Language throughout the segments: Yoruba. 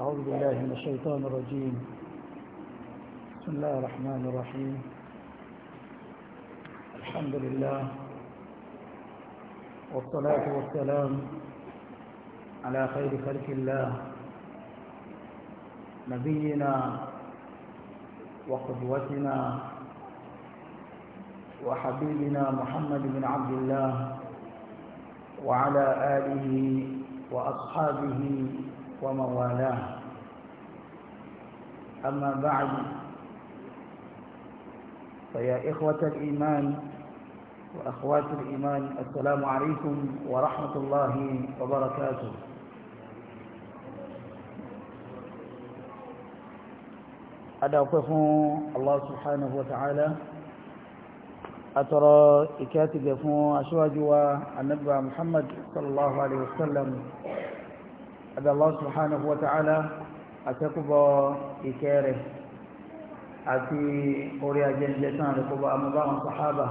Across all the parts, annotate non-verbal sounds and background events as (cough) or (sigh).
أعوذ بالله من الشيطان الرجيم بسم الله الرحمن الرحيم الحمد لله والصلاة والسلام على خير خلق الله نبينا وقدوتنا وحبيبنا محمد بن عبد الله وعلى آله وأصحابه وموالاه والاه أما بعد فيا إخوة الإيمان وأخوات الإيمان السلام عليكم ورحمة الله وبركاته أدعوكم الله سبحانه وتعالى أترى إكاتب يفون أشواجوا النبي محمد صلى الله عليه وسلم abẹ́ Allah subhanahu wa ta'ala àtẹ́kùbọ̀ ìkẹ́ rẹ̀ àti orí ajẹ́jẹ́ tán rẹ̀ kọ́bọ̀ amúbá wọn sàhábà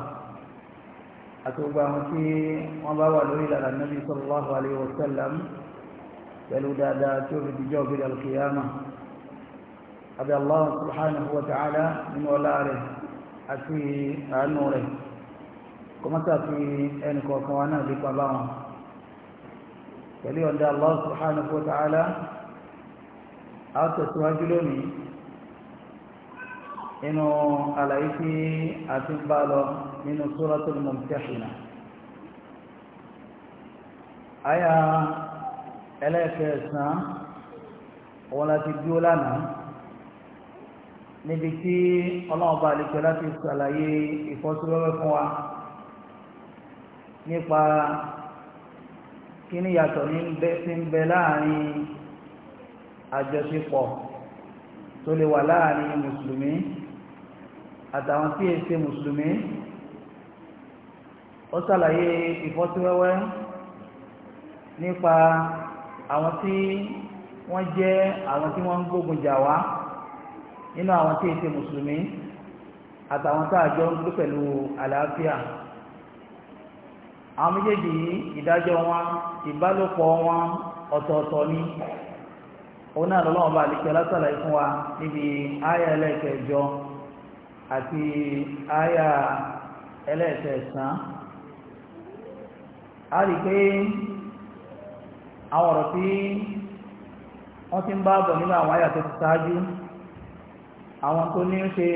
àti gbogbo àwọn tí wọ́n bá wà lórí ìlànà nàbí sallallahu alayhi wa sallam pẹ̀lú dáadáa tí ó fi dijọ́ bí alkiyama abẹ́ Allah subhanahu wa ta'ala nínú ọlá rẹ̀ àti àánú rẹ̀ fi ẹnì kọ̀ọ̀kan wa náà dípa báwọn pẹ̀lú ọ̀dá Allah subhanahu wa ta'ala a tẹ̀síwájú lónìí inú àlàyé tí a ti ń bá lọ nínú suratul mumtahina àyà ẹlẹ́ẹ̀kẹsàn-án òun láti dúró lánàá níbi tí ọlọ́run bá lè pẹ́ láti ṣàlàyé ìfọ́síwẹ́wẹ́ fún wa nípa kí ni yàtọ̀ ní ń bẹ láàrin àjọṣepọ̀ tó lè wà láàrin mùsùlùmí àtàwọn tí è ṣe mùsùlùmí ó ṣàlàyé ìfọ́síwẹ́wẹ́ nípa àwọn tí wọ́n jẹ́ àwọn tí wọ́n ń gbógun jà wá nínú àwọn tí è mùsùlùmí àtàwọn tá àjọ ń gbé pẹ̀lú àlàáfíà àwọn méjèèjì yìí ìdájọ́ wọn ìbálòpọ̀ wọn ọ̀tọ̀ọ̀tọ̀ ni òun náà lọ́wọ́ bá àlìkẹ́ lásàlà fún wa níbi àyà ẹlẹ́ẹ̀kẹjọ àti àyà ẹlẹ́ẹ̀kẹsàn á rí pé àwọn ọ̀rọ̀ tí wọ́n ti ń bá bọ̀ nínú àwọn àyà tó ti ṣáájú àwọn tó ní ń ṣe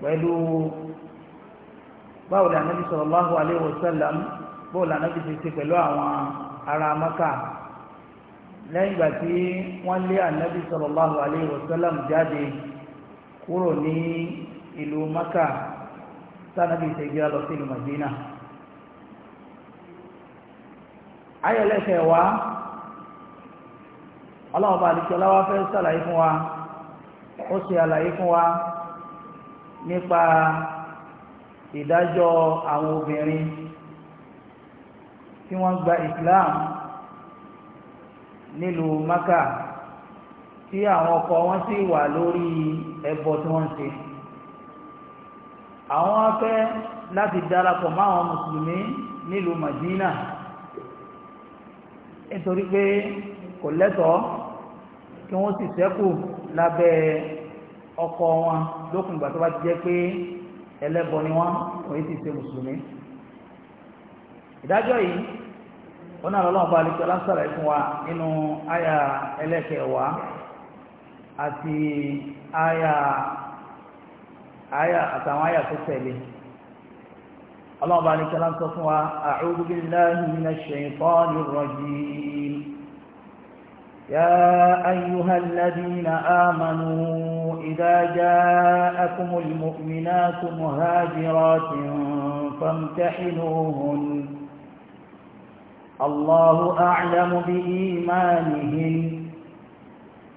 pẹ̀lú báwo ni Ànábì sallallahu alaihi wasallam bóòlù ànábì ti ṣe pẹ̀lú àwọn ará maka lẹ́yìn ìgbà tí wọ́n lé ànábì sallallahu alayhi wa sallam jáde kúrò ní ìlú maka sanabi ṣe gbéra lọ sí ìlú madina ayọ̀lẹ́sẹ̀ wa ọlọ́ọ̀bá àdìsọ́lá wa fẹ́ sàlàyé fún wa ó ṣe àlàyé fún wa nípa ìdájọ́ àwọn obìnrin tí wọ́n gba islam nílùú maka tí àwọn ọkọ wọn sì wà lórí ẹbọ tí wọ́n ń ṣe àwọn afẹ́ láti darapọ̀ mọ́ àwọn mùsùlùmí nílùú madina nítorí pé kò lẹ́tọ̀ọ́ kí wọ́n sì ṣẹ́kù lábẹ́ ọkọ wọn lókun ìgbà tó bá ti jẹ́ pé ẹlẹ́bọ ni wọ́n òye ti ṣe mùsùlùmí ìdájọ́ yìí wọn náà lọ́lọ́wọ́ bá alẹ́kẹ́ lásàrà ẹ̀fún wa nínú àyà ẹlẹ́kẹ̀ẹ́wà àti àyà àyà àtàwọn àyà tó tẹ̀lé ọlọ́wọ́ bá alẹ́kẹ́ lásàrà fún wa a'udhu billahi minash shaytanir rajim ya ayyuhal ladhina amanu idha ja'akumul mu'minatu muhajiratin famtahinuhunna الله أعلم بإيمانهم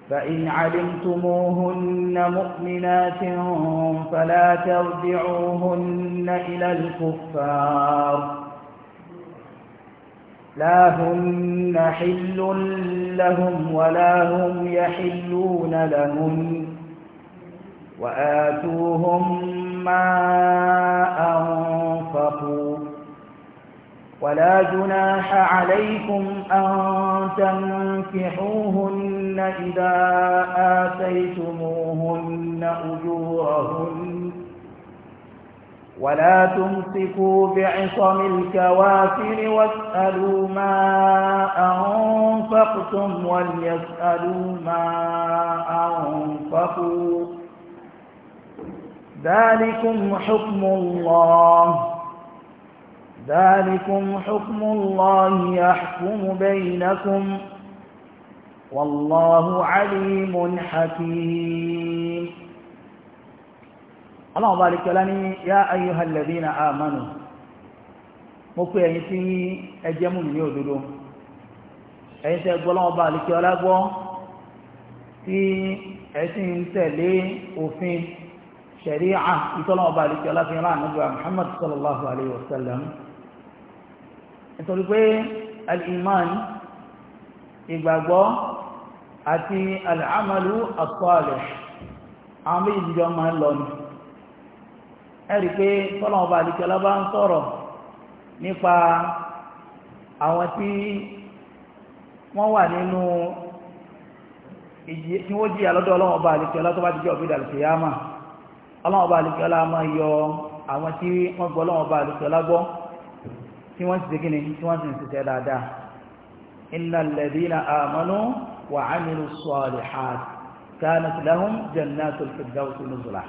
فإن علمتموهن مؤمنات فلا ترجعوهن إلى الكفار لا هن حل لهم ولا هم يحلون لهم وآتوهم ما أنفقوا ولا جناح عليكم أن تنكحوهن إذا آتيتموهن أجورهن ولا تمسكوا بعصم الكوافر واسألوا ما أنفقتم وليسألوا ما أنفقوا ذلكم حكم الله ذلكم حكم الله يحكم بينكم والله عليم حكيم الله بارك لنا يا أيها الذين آمنوا مكوية يسي أجمل يودلو ẹ̀yìn tẹ́ gbọ́ lọ́wọ́ bá àlìkẹ́ ọlágbọ́ tí ẹ̀sìn ń tẹ̀lé òfin ṣẹ̀ríà ìtọ́lọ́wọ́ bá àlìkẹ́ ọlágbọ́ Muhammad sallallahu alaihi wasallam nítorí pé al-iman ìgbàgbọ́ àti al-amalu as-salih àwọn méjì jíjọ máa ń lọ ní ẹ̀rí pé tọ́lọ̀ọba àdìkẹ́lá bá ń sọ̀rọ̀ nípa àwọn tí wọ́n wà nínú tí wọ́n jíyà lọ́dọ̀ ọlọ́wọ́ bá àlìkẹ́lá tó bá ti jẹ́ ọ̀bídà al-qiyama ọlọ́wọ́ bá àlìkẹ́lá máa tí wọ́n ti ṣe gíní tí wọ́n ti ń ṣiṣẹ́ dáadáa innal ladhina amanu wa amilu salihat kanat lahum jannatul firdausi nuzula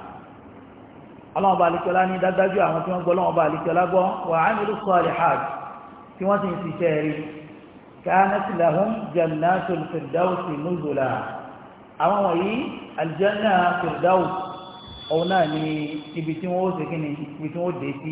ọlọ́wọ́n bá alikọ́lá ní dájú àwọn tí wọ́n gbọ́ ọlọ́wọ́n bá alikọ́lá gbọ́ wa nuzula àwọn wọ̀nyí aljanna firdaus ọ̀hún náà ibi tí wọ́n ó ṣe gíní ibi tí wọ́n ó dé sí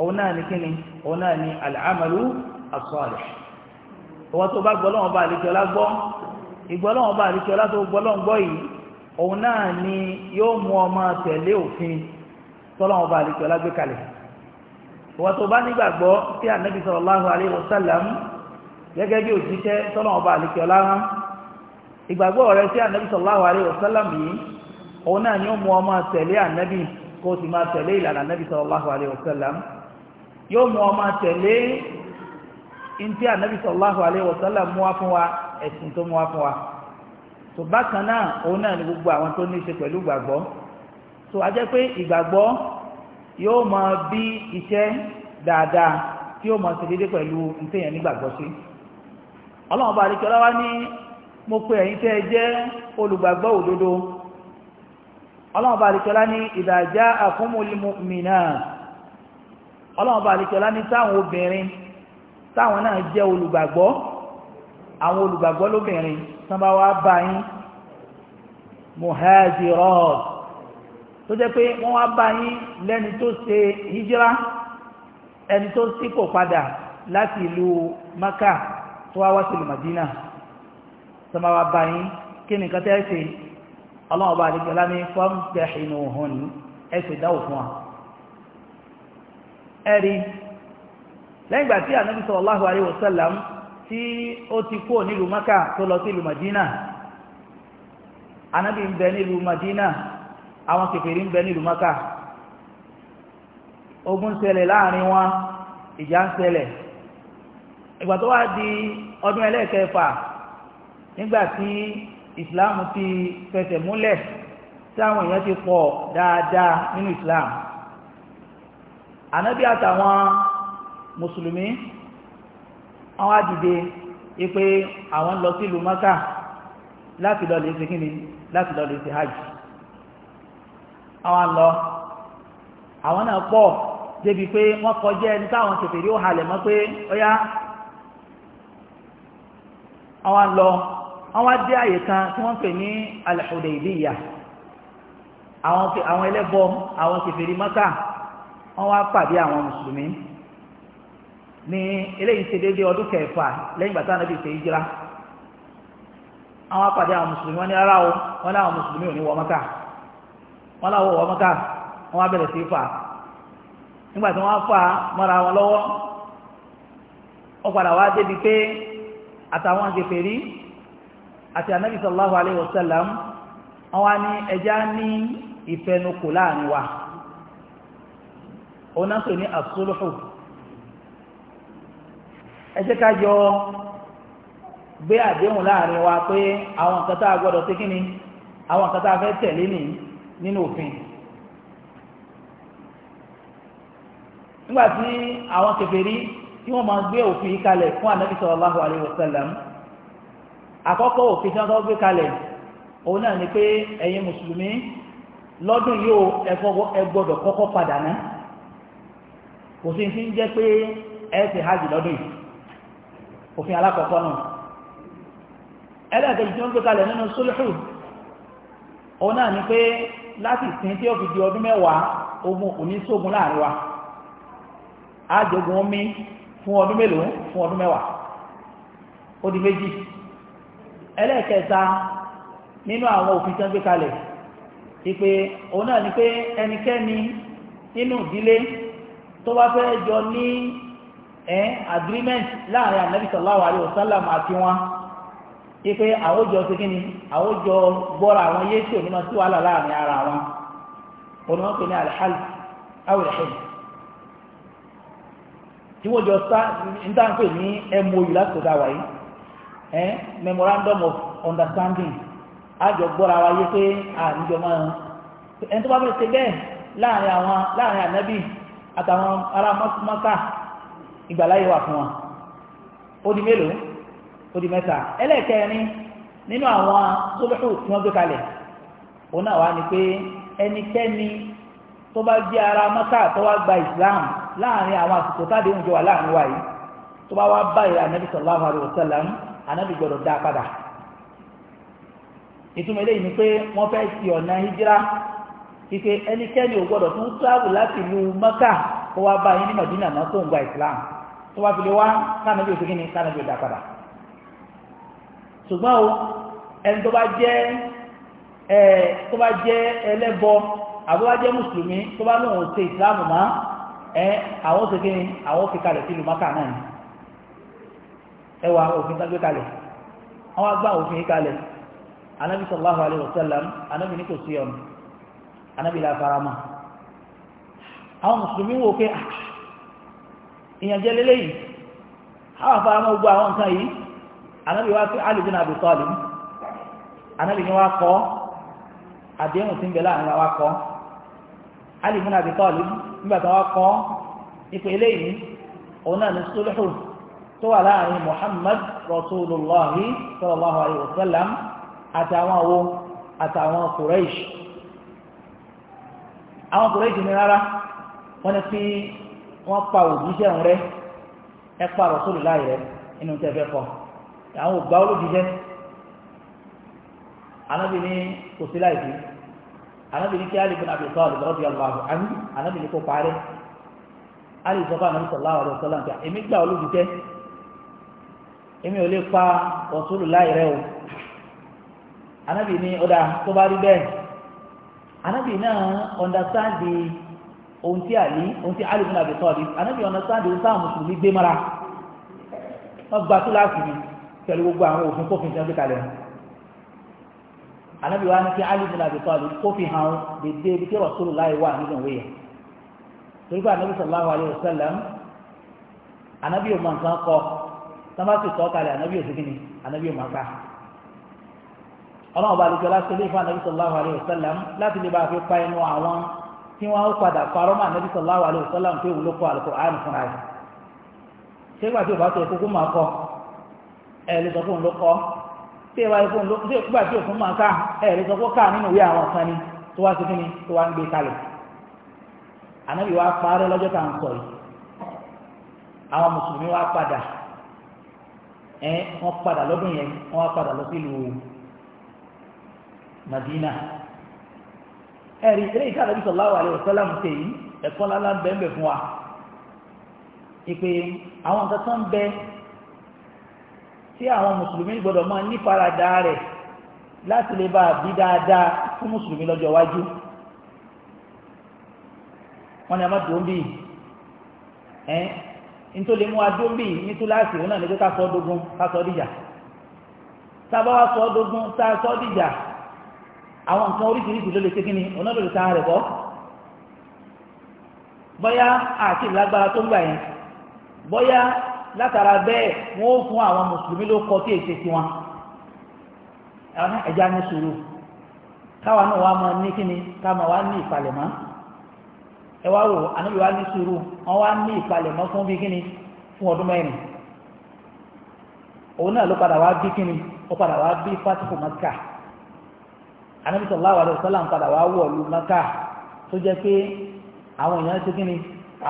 òun náà ni kíni òun náà ni al-amalu as-salih ọwọ́ tó bá gbọ́lọ́wọ́ bá àlejò ọlá gbọ́ ìgbọ́lọ́wọ́ bá àlejò ọlá tó gbọ́lọ́wọ́ gbọ́ yìí òun náà ni yóò mú ọmọ tẹ̀lé òfin tọ́lọ́wọ́ bá àlejò ọlá gbé kalẹ̀ ọwọ́ tó bá nígbàgbọ́ tí ànábì sallallahu alaihi wasallam gẹ́gẹ́ bí òjíṣẹ́ tọ́lọ́wọ́ bá àlejò ọlá rán ìgbàgbọ́ rẹ kó o sì máa tẹ̀lé ìlànà ànábì sallallahu alaihi wasallam yóò mú ọmọ tẹ̀lé ntí ànábì sallallahu alaihi wa sallam mú wá fún wa ẹ̀sìn tó mú wá fún wa tó bákan náà àwọn tó ní ṣe pẹ̀lú ìgbàgbọ́ a jẹ́ pé ìgbàgbọ́ yóò mọ bí iṣẹ́ dáadáa tí yóò mọ sí dédé pẹ̀lú ntẹ̀yẹn nígbàgbọ́ sí ọlọ́run bá ní mo pe ẹ̀yin olùgbàgbọ́ òdodo ọlọ́run ní ọlọ́run bá àlejò láni táwọn obìnrin táwọn náà jẹ́ olùgbàgbọ́ àwọn olùgbàgbọ́ lóbìnrin tán bá wá bá yín muhajirat tó jẹ́ pé wọ́n wá bá yín lẹ́ni tó ṣe hijira ẹni tó ṣípò padà láti ìlú maka tó wá wá sí ìlú madina tán bá wá bá yín kí ni nǹkan tẹ́ ṣe ọlọ́run bá àlejò láni fọ́ọ̀mù tẹ̀hìnù hàn ẹ̀ṣẹ̀ dáwò fún wa ẹ̀rí lẹ́yìn ìgbà tí ànábì sallallahu alaihi wasallam tí ó ti kú nílùú maka tó lọ sí ìlú madina ànábì ń bẹ nílùú madina àwọn kèfèrí ń bẹ nílùú maka ogun láàrin wọn ìjà ń ṣẹlẹ̀ ìgbà tó wá di ọdún ẹlẹ́ẹ̀kẹfà nígbà tí ìsìláàmù ti fẹsẹ̀ múlẹ̀ èèyàn ti pọ̀ dáadáa nínú ìsìláàmù ànábì àtàwọn mùsùlùmí àwọn àdìde ipé àwọn lọ sí ìlú mọ́ká láti lọ lè ṣe kíni láti lọ lè ṣe hajj àwọn lọ àwọn náà pọ̀ débi pé wọ́n kọjá ẹni táwọn tètè rí ó halẹ̀ mọ́ pé ọyá àwọn lọ àwọn dé àyè kan tí wọ́n pè ní al-Hudaybiyah àwọn ẹlẹ́bọ àwọn tètè rí mọ́ká wọ́n wá pàdé àwọn mùsùlùmí ní eléyìí ṣe déédéé ọdún kẹfà lẹ́yìn bàtà náà bí ṣe ìjìra àwọn apàdé àwọn mùsùlùmí wọ́n ní ara o wọ́n láwọn mùsùlùmí ò ní wọ mọ́kà wọ́n láwọn wọ mọ́kà wọ́n wá bẹ̀rẹ̀ sí fà nígbà tí wọ́n fà mọ́ra wọn lọ́wọ́ wọ́n padà wá débi pé àtàwọn gbèfèrí àti ànábì sallallahu alaihi wasallam wọ́n wá ní ẹja ní ìfẹnukò láàrin wa. ó náà pè ní àsúlùhù ẹ jẹ́ ká jọ gbé àdéhùn láàrin wa pé àwọn nǹkan tá a gbọ́dọ̀ ṣe kí àwọn nǹkan tá a fẹ́ tẹ̀lé ní nínú òfin nígbà tí àwọn tí wọ́n máa gbé òfin kalẹ̀ fún sallallahu alaihi wasallam àkọ́kọ́ òfin tí wọ́n gbé ni pé ẹ̀yin mùsùlùmí lọ́dún ẹ gbọ́dọ̀ òfin fi ń jẹ́ pé ẹ hajj lọ́dún yìí òfin alákọ̀ọ́kọ́ náà ẹlẹ́ẹ̀kejì tí wọ́n gbé kalẹ̀ nínú náà ni pé láti sin ọdún mẹ́wàá ogun sógun láàrin omi fún ọdún mélòó fún ọdún mẹ́wàá ó di méjì ẹlẹ́ẹ̀kẹta nínú àwọn òfin tí gbé tó bá jọ ní ẹ́ agreement láàrin ànábì sallallahu alaihi àti wọn ipe àwójọ ti kí ni àwójọ gbọ́ra àwọn yé tí onímọ̀ tí wàhálà láàrin ara wọn onímọ̀ pè ní alhal awilhal tí wọ́n jọ sá ń ní mou dáwà memorandum of understanding àjọ gbọ́ra wa yé pé àníjọ máa tó bá ṣe bẹ́ẹ̀ àtàwọn ará mọ́ká ìgbàláyé wà fún wa ó di mélòó ó di mẹ́ta ẹlẹ́ẹ̀kẹrin nínú àwọn sólùkù tí wọ́n gbé kalẹ̀ òun náà wá ní pé ẹnikẹ́ni tó bá jẹ́ ará mọ́ká tó wá gba Islam láàrin àwọn àsìkò táàdé oúnjẹ wà láàrin wa yìí tó bá wá báyìí ànábì sallallahu alaihi wasallam ànábì gbọ́dọ̀ dá padà ìtumọ̀ eléyìí ni pé wọ́n fẹ́ ti ọ̀nà hijira ike ẹnikẹ́ni ò gbọ́dọ̀ fún tíráàbù láti lu mọ́kà kó wá bá yín ní mọ̀dínà náà tó ń gba islam tó wá fi lè wá kánàbí òsì kíni kánàbí òdà padà ṣùgbọ́n o ẹni tó bá jẹ́ ẹ tó bá jẹ́ ẹlẹ́bọ àbí wá jẹ́ mùsùlùmí tó bá lóun ṣe islam mọ́ ẹ àwọn òsì kíni àwọn fi kalẹ̀ sí lu mọ́kà náà ni ẹ wà òfin tó gbé kalẹ̀ àwọn agbá òfin kalẹ̀ anábì sallallahu alaihi wasallam anábì ní kò sí ọ̀nà anábìlà farama àwọn mùsùlùmí wò pé ah, ìyànjẹ́ lélẹ́yìí àwọn afárama gbogbo àwọn nǹkan yìí anábì wá sí alìbí náà àbùtọ́ àlè anábì ni wá kọ́ àdéhùn tí ń bẹ láàrin wa kọ́ alìbí náà nígbà tí wọ́n kọ́ ipò eléyìí òun náà ní sólùhù tó wà láàrin Muhammad Rasulullahi sallallahu alayhi wa sallam àtàwọn owó àtàwọn Quraysh àwọn kòrò ìjìnlẹ̀ rárá wọ́n ní pé wọ́n pa òjíṣẹ́ òun rẹ ẹ pa rọ̀sọ́lù láì rẹ inú tẹ́ fẹ́ kọ́ àwọn ògbà olójíṣẹ́ anábì ní kò sí láì sí anábì ní kí á lè fi nàbì sọ́ọ̀lù lọ́dí ọlọ́run àmì anábì ní kó parẹ́ á lè sọ fún anábì sọ̀lá ọ̀rọ̀ sọ́lá nǹkan èmi gbà olójíṣẹ́ èmi ò lè pa rọ̀sọ́lù láì rẹ o anábì ní ọ̀dà tó bá rí bẹ́ẹ̀ anabi náà understand the ohun tí àlí ohun tí àlí fúnra bẹ̀tọ́ anabi understand the sáà mùsùlùmí gbé mara wọ́n gba kíláàsì mi pẹ̀lú gbogbo àwọn òfin kófin anabi wa ní kí àlí fúnra bẹ̀tọ́ kófin hàn dédé ibi tí rọ̀sọ́lù láì wà nínú ìwé yẹn torí anabi sallallahu alayhi anabi ò mọ nǹkan kọ sábà ọlọ́run bá lùjọ́ láti ilé ìfún ànábì sallallahu alayhi wa sallam láti lè bá fi pa ẹnu àwọn tí wọ́n ó padà parọ́ mọ́ ànábì sallallahu alayhi wa sallam pé òun ló kọ Al-Qur'an fúnra rẹ̀ ṣé ìgbà tí ò bá tó ẹkú kó máa kọ ẹ lè sọ ló kọ tí tí òfin Madina ẹ̀rí eléyìí ká Ànábì sallallahu alaihi wasallam ṣe yìí ẹ̀kọ́ lálá ń bẹ ń bẹ fún wa ìpè àwọn nǹkan tó ń bẹ tí àwọn mùsùlùmí gbọdọ̀ máa nífaradà rẹ̀ láti lè bá bí dáadáa fún mùsùlùmí lọ́jọ́ iwájú wọn ni a máa dùn bí ẹ́ nítorí mú adùn bí nítúláàsì òun náà ní pé ká sọ ọ́ ká sọ ọ́ tá a bá wá sọ ọ́ tá a sọ ọ́ àwọn nǹkan oríṣiríṣi ló lè ṣe kíni ọ̀nà ló lè ta rẹ̀ bọ́ bọ́yá àti ìlágbára tó ń gbà yẹn bọ́yá látara bẹ́ẹ̀ wọ́n ó fún àwọn mùsùlùmí ló kọ tí èsì tiwọn ẹja ní sùúrù káwa náà wàá máa ní kíni káwa wàá ní ìpalẹ̀mọ́ ẹ wá wò ànábi wàá ní sùúrù wọn wàá ní ìpalẹ̀mọ́ fún bí kíni fún ọdún mẹ́rin òun náà ló padà wá bí kíni ó padà wá bí fásitì mọ́tíkà Ànábì sallallahu alaihi wasallam padà wá wọ̀ lu maka tó jẹ́ pé àwọn èèyàn ṣe kí ni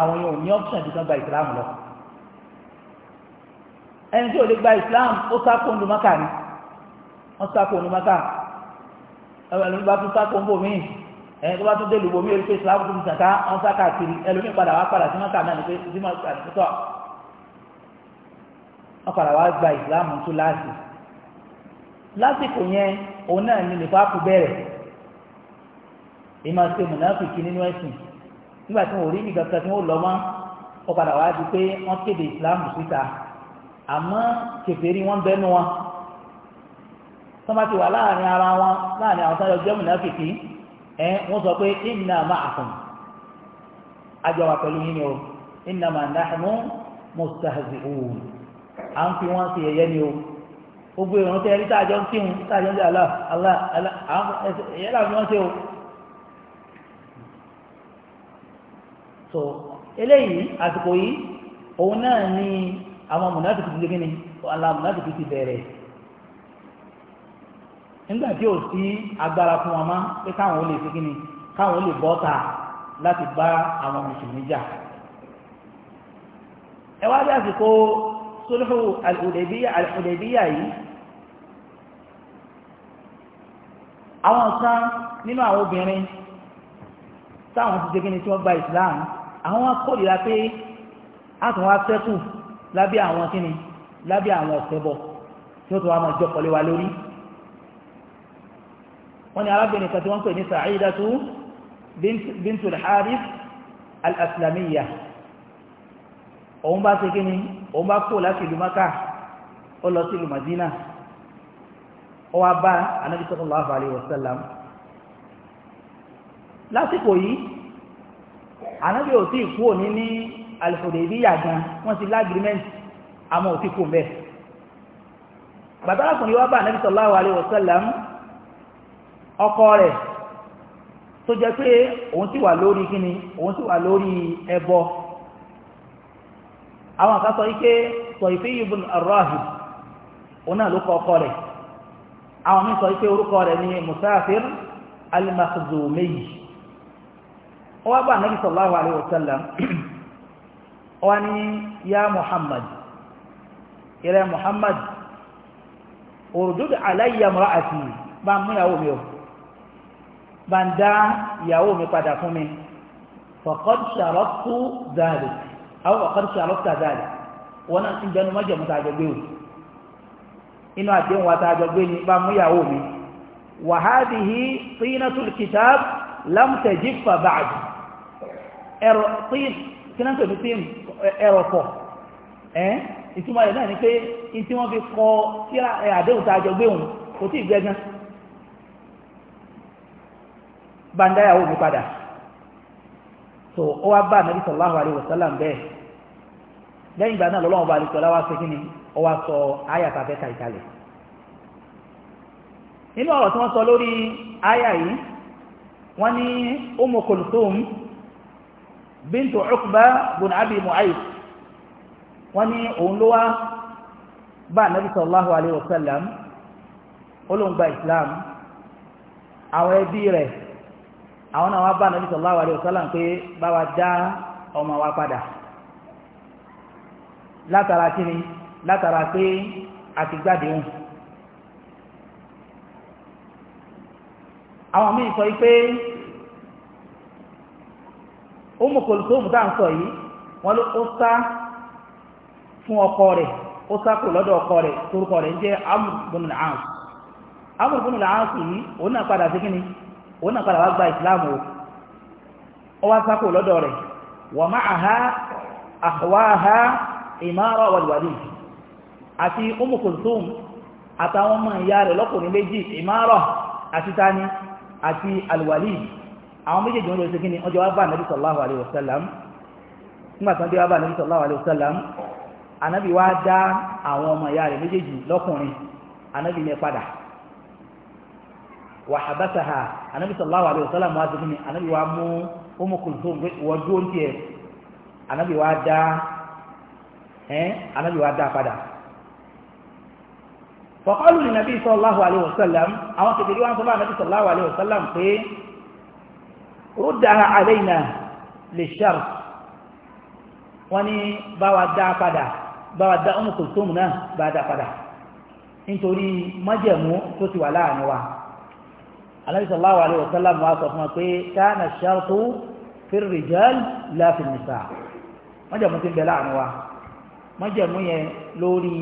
àwọn èèyàn ò ní option ti kan gba islam lọ ẹni tí ò lè gba islam ó sáko lu maka ni wọ́n sáko lu maka ẹlòmí bá tún sáko ń bò míì ẹni tó bá tún délùú bò míì olùkọ́ islam tó ti sàká wọ́n sáka kiri ẹlòmí padà wá padà sí maka náà ni pé sí maka ni tó tọ̀ wọ́n padà wá gba islam tó láàsì lásìkò yẹn òun náà ní nìfàkù bẹ̀rẹ̀ ìmọ̀ ṣe mùnàfìkì nínú ẹ̀sìn nígbà tí wọn ò rí nìkan kan tí wọn ò lọ wọn ó padà wá di pé wọn kéde ìsìláàmù síta àmọ́ kèfèrí wọn bẹ́nu wọn tọ́mátì wà láàrin ara wọn láàrin àwọn sáyọ jẹ́ mùnàfìkì ẹ wọ́n sọ pé inna ma'akum àjọ wà pẹ̀lú yín ni o innama nahnu mustahzi'un à ń fi wọn ṣe yẹ̀yẹ́ ni o. gbogbo ìrún tẹ ẹrí táàjọ ń kírun táàjọ ń jẹ àlá àlá àlá àwọn ẹsẹ wọn ṣe o. so eléyìí àsìkò yìí òun náà ni àwọn mùnàfíkì ti gbẹ́ni àwọn mùnàfíkì ti bẹ̀rẹ̀ nígbà tí ò sí agbára fún wọn mọ́ pé káwọn ò lè fi kíni káwọn ò lè bọ́ ta láti bá àwọn mùsùlùmí jà ẹ wá sulhu al-Hudaybiyah al-Hudaybiyah yìí àwọn kan nínú àwọn obìnrin táwọn ti jẹ́ gíní tí wọ́n gba Islam àwọn akọ́lìlá pé àtún wá sẹ́kù lábẹ́ àwọn kíni lábẹ́ àwọn ọ̀sẹ̀bọ̀ tí ó tún wá máa jọ pọ̀lẹ́ wa lórí wọ́n ni arábìnrin kan tí wọ́n pè ní Sa'idatu bintul Harith al-Islamiyya òun bá ṣe kíni òun bá kó láti ìlú maka ó lọ sí ìlú madina ó wá bá anábì sallallahu alaihi wasallam lásìkò yìí anábì ò tí ì kú òní ní al-Hudaybiyah gan wọ́n ti lágírímẹ́ǹtì àmọ́ ò tí kú mbẹ́ bàtà arákùnrin wá bá anábì sallallahu alaihi ọkọ rẹ̀ tó jẹ́ pé òun ti wà lórí kíni òun ti wà lórí ẹbọ àwọn àkásọ ike tọ̀ìfí ibn arrahib oná ló kọ ọkọ rẹ̀ àwọn mí sọ ike orúkọ rẹ̀ ní musafir al-makhzumeyi ó wá bá nabi sallallahu alaihi wasallam ó wá ní ya muhammad ìrẹ muhammad òrùdúdú aláyà àti bá mú ìyàwó mi ò bá ń dá ìyàwó mi padà fún mi faqad sharattu àwọn ọ̀kọ́dù sí alọ́pùtà dáàlì wọn náà ti ń jẹnu mọ́jẹ̀mú tá a jọ gbé o inú àdéhùn wa tá a jọ gbé ni bá mú ìyàwó mi wàhádìí tìǹtù kìtàb lámùtẹ̀jì fàbáàdì ẹ̀rọ tìǹ kí náà tẹ̀lé tìǹ ẹ̀rọ pọ̀ ẹ̀ ìtumọ̀ rẹ̀ náà ni pé tí fi kọ síra àdéhùn tá a jọ gbé òun kò tí ì mi padà so ó wá bá anabi sallallahu alayhi wa sallam bẹ́ẹ̀ lẹ́yìn ìgbà náà lọ́wọ́ ọba wa ṣe kí ni ó wá sọ àyà tàbẹ́ ta ìkàlẹ̀ nínú ọ̀rọ̀ sọ lórí àyà yìí wọ́n ní bintu Kulthum bíntu Uqba bùn Abi Mu'ayth wọ́n ní òun ló wá bá wa àwọn ẹbí àwọn àwọn bá nàbí sallallahu pé bá wa dá ọmọ wa padà látara kí ni látara pé a ti gbáde wọn àwọn míì sọ pé Ummu Kulthum tá ń sọ yìí wọ́n ló ó sá fún ọkọ rẹ̀ ó sá kò lọ́dọ̀ ọkọ rẹ̀ torúkọ rẹ̀ jẹ́ òun náà padà wá gba ìsìláàmù o ó wá sákò lọ́dọ̀ rẹ̀ wà máa ha àwa ha ìmáàrọ̀ wàlúwàlú àti Umm Kulthum àtàwọn ọmọ ìyá rẹ̀ lọ́kùnrin méjì ìmáàrọ̀ àti tani àti alwali àwọn méjèèjì wọn lọ sí kí ni ọjọ́ wá bá nàbí sallallahu alaihi wasallam nígbàtán bí wá bá nàbí sallallahu alaihi wasallam anábì wá dá àwọn ọmọ ìyá rẹ̀ méjèèjì lọ́kùnrin anábì ní padà wà àbáṣà ha anábì sallallahu alaihi wasallam wá síbi ní anábì wá mú Umm Kulthum wọ́n dúró ní tiẹ̀ anábì wá dá ẹ́ anábì wá dá padà fọ̀kọ́lù ní nàbí sallallahu alaihi wasallam àwọn kèkèrè wọn sọ́lá nàbí sallallahu alaihi wasallam pé ruddaha alaina lè ṣàrù wọ́n ní bá wa dá padà bá wa dá Umm Kulthum náà bá dá padà nítorí májẹ̀mú tó ti wà láàrin wa Ànábì sallallahu alaihi wasallam wá sọ fún wa pé káàna ṣáàtú fìrìjẹ́l láfi nìsà májẹ̀mú ti bẹ̀ láàrin wa májẹ̀mú yẹn lórí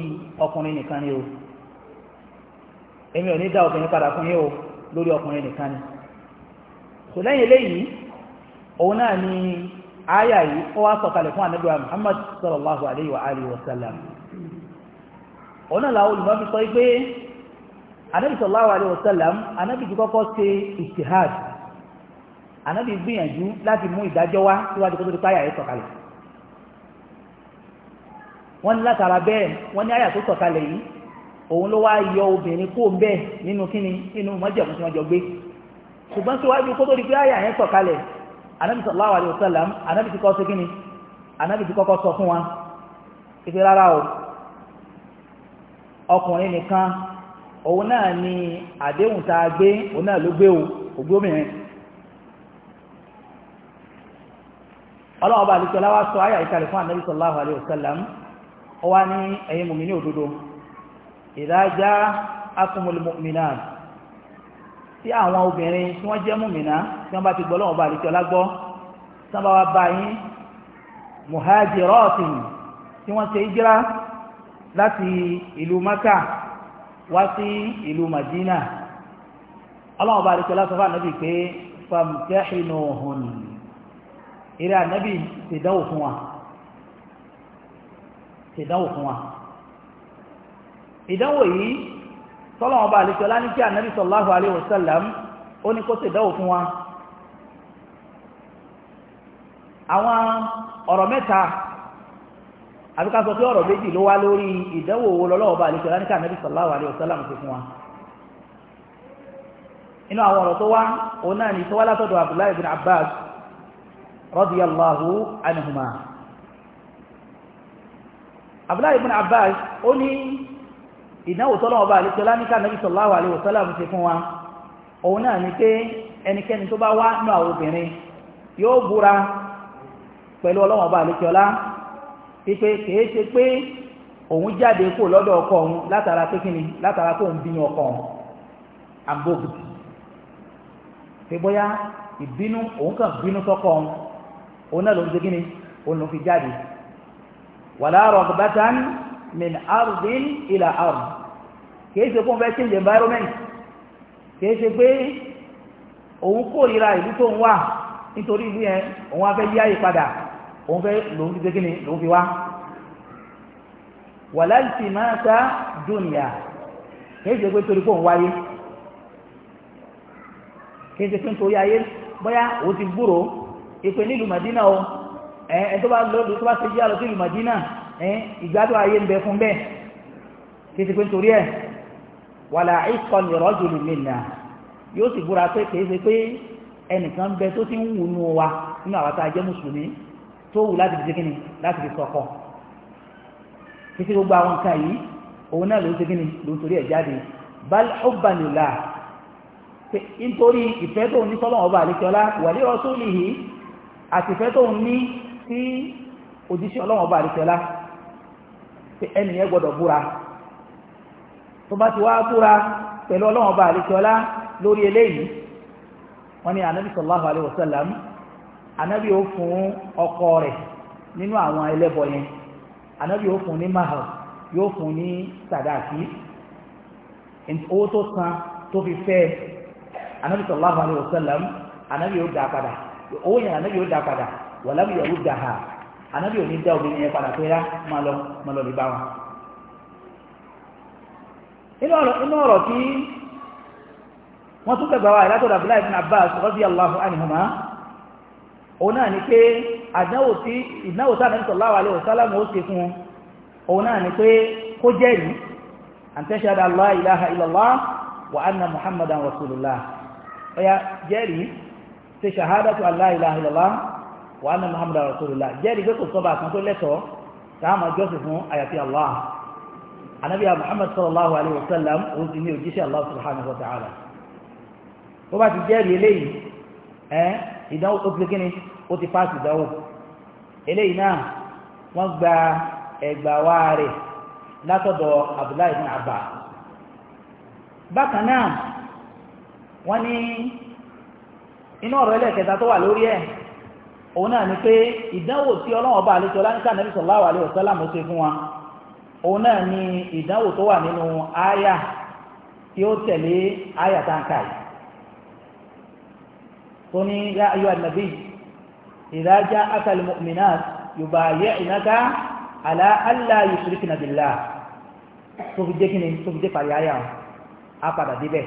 ọkùnrin nìkan ni o èmi ò ní dá obìnrin padà fún yín o lórí ọkùnrin nìkan ni kò lẹ́yìn eléyìí òun náà ni àyà yìí ó wá sọ̀kalẹ̀ fún Ànábì wa Muhammad sallallahu alaihi wa alihi wasallam òun náà làwọn olùmọ́ fi sọ pé anabi sallallahu alayhi wa sallam anabi ti kọ́kọ́ ṣe ìtìhad anabi gbìyànjú láti mú ìdájọ́ wá síwájú kó tó di páyà yẹn sọ̀kalẹ̀ wọ́n ní látara bẹ́ẹ̀ wọ́n ní àyà tó sọ̀kalẹ̀ yìí òun ló wá yọ obìnrin kó bẹ́ẹ̀ nínú kíni nínú mọ́jẹ̀mú tí wọ́n jọ gbé ṣùgbọ́n síwájú kó tó di pé àyà yẹn sọ̀kalẹ̀ anabi sallallahu alayhi wa sallam anabi ti kọ́ ṣe kíni anabi ti kọ́kọ́ òun náà ni àdéhùn tá a gbé òun náà ló gbé ògbómìnrin ọlọ́ọ̀bá àlùsọ́lá wá sọ ayà ìkàlẹ̀ fún ànábì sallallahu alaihi wasallam ó wá ní ẹ̀yin mùmí ní òdodo ìdájá akumul tí àwọn obìnrin tí wọ́n jẹ́ mùmìnà tí wọ́n bá ti gbọ́ bá àlùsọ́lá gbọ́ tí wọ́n bá bá yín muhajiratin tí wọ́n ṣe hijira láti ìlú Mákà wá sí ìlú Madina ọlọ́run bá rikẹ́ lásọ́fà nábì pé fàmtẹ́hìnà ọ̀hún ìrẹ́ ànábì ṣèdánwò fún wa ṣèdánwò fún wa ìdánwò yìí tọ́lọ́wọ́n bá àlejò láni kí ànábì sallallahu alaihi ó ní kó ṣèdánwò fún wa àwọn ọ̀rọ̀ mẹ́ta àbí ká sọ pé ọ̀rọ̀ méjì ló wá lórí ìdánwò owó lọ́lọ́wọ́ bá àlejò láníkà nàbí sallallahu alaihi wasallam ti fún wa inú àwọn ọ̀rọ̀ tó wá òun náà ni tó wá látọ̀dọ̀ Abdullahi bin Abbas radiyallahu anhuma Abdullahi bin Abbas ó ní ìdánwò tọ́lọ́wọ́ bá àlejò láníkà nàbí sallallahu alaihi wasallam ti fún wa òun náà ni pé ẹnikẹ́ni tó bá wá nú àwọn obìnrin yóò búra pẹ̀lú ọlọ́wọ́ bá àlejò láníkà pípé kìí ṣe pé òun jáde kó lọ́dọ̀ ọkọ òun látara pé kíni látara kó ń bínú ọkọ òun àbòbù pé bóyá ìbínú òun kàn bínú sọ́kọ òun òun náà ló ń ṣe kíni òun ló fi jáde wàlá rọgbàtàn min ardin ila ard kìí ṣe pé òun fẹ́ change environment kìí ṣe pé òun kórìíra ìlú tó ń wà nítorí ìlú yẹn òun á fẹ́ yí àyè padà òun fẹ́ lòun fi dégínì lòun fi wá wàláìsì máa ta dúnìyà kì í ṣe pé torí fóun wáyé kì í ṣe pé nítorí ayé bóyá òun ti gbúrò ìpè nílùú Madina o ẹ ẹ tó bá lọ́dún tó bá ṣe jí àlọ́ sí ìlú ìgbádùn ayé ń bẹ fún bẹ́ẹ̀ kì í ṣe pé nítorí ẹ̀ wàlà ìkọ̀ nìrọ̀jù nìmìnà yóò sì búra pé kì í ṣe pé ẹnìkan bẹ tó ti ń wùnú wa nínú àwọn tá a mùsùlùmí tó wù láti fi ṣe kíni láti fi sọkọ títí gbogbo àwọn nǹkan yìí òun náà ló ń ṣe kíni ló ń torí ẹ̀ jáde bal hubban lillah nítorí ìfẹ́ tó ní sọ́lọ́wọ́ ọba àríkíọlá wa li rasulihi àti ìfẹ́ tó ní sí òjíṣẹ́ ọlọ́wọ́ ọba àríkíọlá pé ẹni yẹn gbọ́dọ̀ búra tó bá ti wá búra pẹ̀lú ọlọ́wọ́ ọba àríkíọlá lórí eléyìí wọ́n ní ànábì sallallahu alaihi wasallam anabi ó fún ọkọ rẹ̀ nínú àwọn ẹlẹ́bọ yẹn anabi ó fún ní mahal yóò fún ní sadaki owó tó san tó fi fẹ́ anabi sallallahu alayhi wa sallam anabi ó dá padà owó yẹn anabi ó dá padà wàlámi yẹn ó dá ha anabi ò ní dá obìnrin yẹn padà pé rá máa lọ máa lọ lè bá wọn. inú ọ̀rọ̀ tí wọ́n tún tẹ̀gbà wa ìlàtọ̀ Abdullahi ibn Abbas radiyallahu anhuma òun náà ni pé àdánwò tí ìdánwò tí àdánwò sallallahu alaihi wasallam ó ṣe fún òun náà ni pé kó jẹ́rìí an tashhada la ilaha illallah wa anna muhammadan rasulullah ọya jẹ́rìí ṣe shahadatu la ilaha illallah wa anna muhammadan rasulullah jẹ́rìí pé kò sọ́ba kan tó lẹ́tọ̀ọ́ sáàmà jọ́sìn fún àyàfi allah anabi muhammad sallallahu alaihi wasallam ó ti ní òjíṣẹ́ allah subhanahu ìdánwò tó fi kí ó ti pass ìdánwò eléyìí náà wọ́n gba ẹgbàwá rẹ̀ látọ̀dọ̀ Abdullahi ibn Abbas bákan náà wọ́n ní inú ọ̀rọ̀ ẹlẹ́ẹ̀kẹta tó wà lórí ẹ̀ òun náà ni pé ìdánwò tí ọlọ́wọ́ bá láńkà fún ni tó ní yá ayọ́ ànàbí ìdájá akal mu'minat yorùbá yẹ ìnáka àlá allah yusrikna billah tó fi jẹ́ kí ni tó fi jẹ́ parí ayà á padà débẹ̀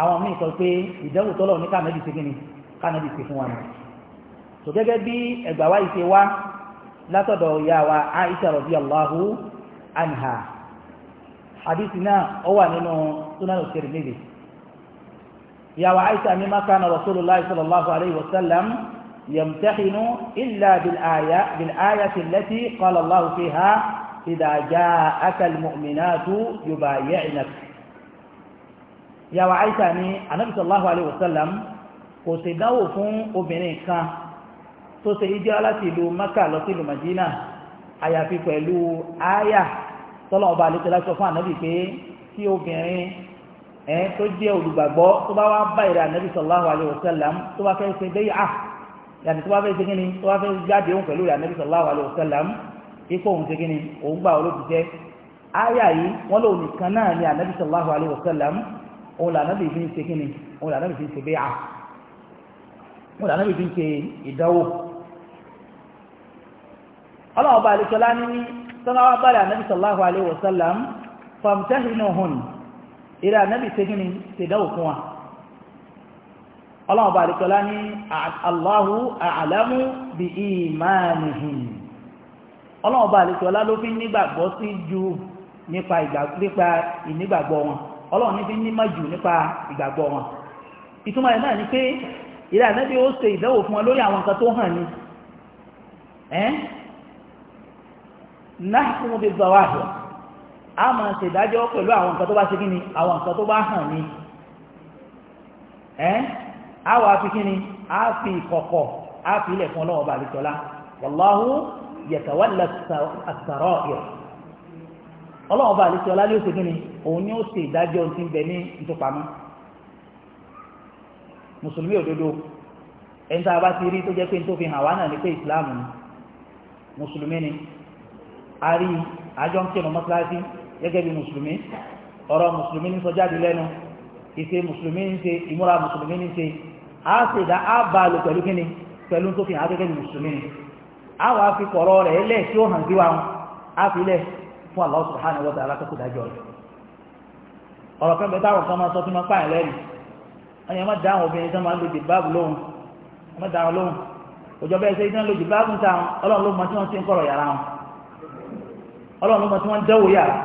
àwọn míì sọ pé ìdánwò tọ́lọ̀ ní kánàbì sí kí kánàbì sí fún wa ni tó gẹ́gẹ́ bí ẹgbà wá ìṣe wá látọ̀dọ̀ ìyá wa aisha radiyallahu anha hadith náà ó wà nínú sunan al-Tirmidhi ìyàwó àìsà ní makana rasulullah sallallahu alayhi wa sallam yamtahinu illa bil'aya tilati qala allahu fiha idha ja'aka almu'minatu yubayyi'nak ìyàwó àìsà ní anabi sallallahu alayhi wa sallam kò sì dánwò fún obìnrin kan tó ṣe ìjẹ́ láti ìlú maka lọ sí ìlú madina àyàfi pẹ̀lú aya tọ́lọ̀ ọba àlejò láti sọ fún ànábì pé tí ẹ̀ tó jẹ́ olùgbàgbọ́ tó bá wá bá ìrẹ̀ ànábì sallallahu alaihi wasallam tó bá fẹ́ ṣe bẹ́yà á yàtọ̀ tó bá fẹ́ ṣe kíni tó bá fẹ́ jáde òun pẹ̀lú ìrẹ̀ ànábì sallallahu alaihi wasallam ikú òun ṣe kíni òun gbà olóòtútẹ́ áyà yìí wọ́n lòun nìkan náà ni ànábì sallallahu alaihi wasallam òun lànábì fi ń ṣe kíni òun lànábì fi ń ṣe bẹ́yà òun lànábì fi ń ṣe ìdánwò ọlọ́wọ́ bá àlejò lá ní sọ́nà eré anábì tẹ́gí ni tẹ̀dáwò fún wa ọlọ́wọ́ bá àríkọlá ní Allahu a'lamu bi imanihim ọlọ́wọ́ bá àríkọlá ló fi nígbàgbọ́ sí ju nípa ìnígbàgbọ́ wọn ọlọ́wọ́ ní fi nímọ̀ jù nípa ìgbàgbọ́ wọn ìtumọ̀ ẹ̀ náà ni pé eré anábì ó ṣe ìdáwò fún wa lórí àwọn nǹkan tó hàn ní náà fún mi bá wà a máa ṣe ìdájọ́ pẹ̀lú àwọn nǹkan tó bá ṣe kíni àwọn nǹkan tó bá hàn ní ẹ́ a wà fi kíni a fi kọkọ a fi ilẹ̀ fún ọlọ́wọ́ bá àlìkọ́lá wallahu yatawalla as-sara'ir ọlọ́wọ́ bá àlìkọ́lá ló ṣe kíni òun ni ó ṣe ìdájọ́ ti ń bẹ ní mùsùlùmí òdodo gẹ́gẹ́ bí mùsùlùmí ọ̀rọ̀ mùsùlùmí ní sọ lẹ́nu ìṣe musulmi ní ṣe ìmúra mùsùlùmí ní dá bá a lò pẹ̀lú kíni pẹ̀lú tó fi hàn gẹ́gẹ́ bí ni á fi kọ̀rọ̀ rẹ̀ lẹ̀ tí ó hàn sí wa fi lẹ̀ fún dájọ́ rẹ̀ ọ̀rọ̀ máa pààyàn má dá àwọn obìnrin tó máa má dá àwọn òjò bẹ́ẹ̀ ọlọ́run ló mọ tí wọ́n ti ń kọ̀rọ̀ yàrá wọn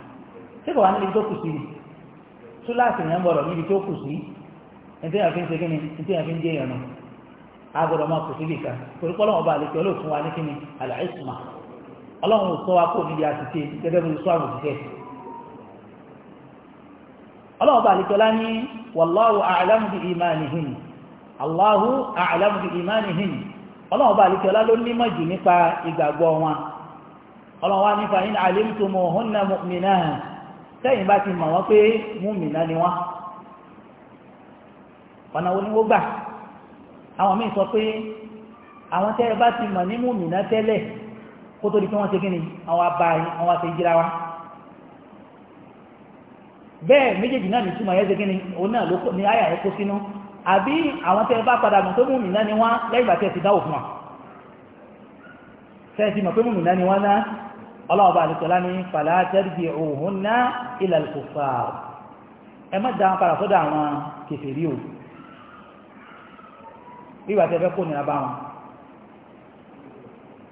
ṣé kò wá níbi tó kù sí ni túláàsì yẹn ń bọ̀rọ̀ níbi tó kù sí ìtẹ́yàn fi ń ṣe kíni ìtẹ́yàn fi ń jẹ́ ìyànà agbọ̀dọ̀ máa kù síbi kan torí pé ọlọ́run ọba àlejò olóòtú wa ní kíni àlàísùmá ọlọ́run sọ wa kó níbi àtìsí gẹ́gẹ́ bí sọ àwọn òṣìṣẹ́ ọlọ́run ọba àlejò lá ní wàláhù àlámù bí ìmánihìn aláhù àlámù bí ìmánihìn ọlọ́run ọba àlejò lá ló nímọ̀ jù nípa ìgbàgbọ́ wọn ọlọ́run wa nípa in alimtumuhunna sẹ́yìn bá ti mọ̀ wọ́n pé múmìnà ni wọ́n ọ̀nà wo gbà àwọn míì sọ pé àwọn tẹ́ bá ti mọ̀ ní múmìnà tẹ́lẹ̀ kó tó di pé wọ́n ṣe kíni àwọn abá àwọn àti ìjìra wa bẹ́ẹ̀ méjèèjì náà ní túmọ̀ yẹn ṣe òun náà ní àyà sínú àbí àwọn bá padà mọ̀ tó múmìnà ni wọ́n lẹ́yìn wa ọlọ́wọ́ bá ni láni fàlà tẹ́rìgì òhun náà ilẹ̀ ìkùfà ẹ má dá wọn padà sọ́dọ̀ àwọn kèfèrí o wíwà tẹ́ fẹ́ kó bá wọn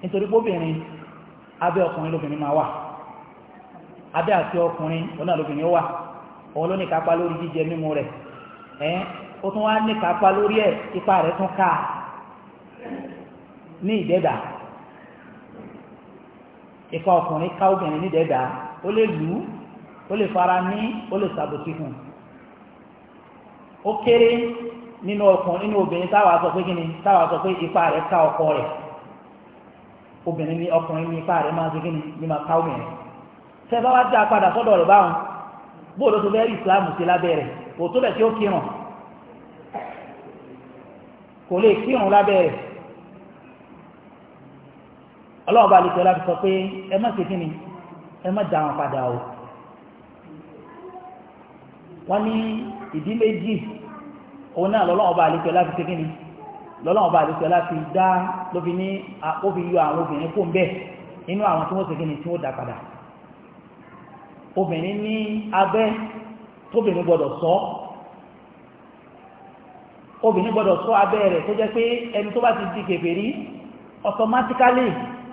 nítorí pọ́bìnrin abẹ́ ọkùnrin ma máa wà abẹ́ àti ọkùnrin ọ̀nà lóbìnrin wà òun ló lórí jíjẹ rẹ̀ ó tún wá ipa ọkùnrin ká obìnrin nídẹ̀ẹ́dà ó lè lù ú ó lè fara ní ó lè sàbòsí fún un ó kéré nínú ọkùnrin nínú obìnrin táwa sọ pé kíni táwa sọ pé ipa rẹ̀ ká ọkọ rẹ̀ obìnrin ní ọkùnrin ní ipa rẹ̀ máa ń ṣe kíni ní máa ká obìnrin tẹ́ wá dá padà sọ́dọ̀ rẹ̀ báwọn bóòdó tó bẹ́ẹ̀ rí sí lábẹ́ kò tó bẹ̀ tí ó kírun kò lè kírun lábẹ́ ọlọ́ọ̀bá alùpùpù láti sọ pé ẹ má ṣe kíni ẹ má dá wọn padà o wọ́n ní ìdí méjì òun náà lọ́lọ́ọ̀bá alùpùpù láti ṣe kíni lọ́lọ́ọ̀bá alùpùpù láti dá ló fi ní ó fi yọ àwọn obìnrin kó ń bẹ̀ nínú àwọn tí wọ́n ṣe kíni tí wọ́n dá padà obìnrin ní abẹ́ tóbìnrin gbọ́dọ̀ sọ obìnrin gbọ́dọ̀ sọ abẹ́ rẹ̀ tó jẹ́ pé ẹni tó bá ti di kèfèrí automatically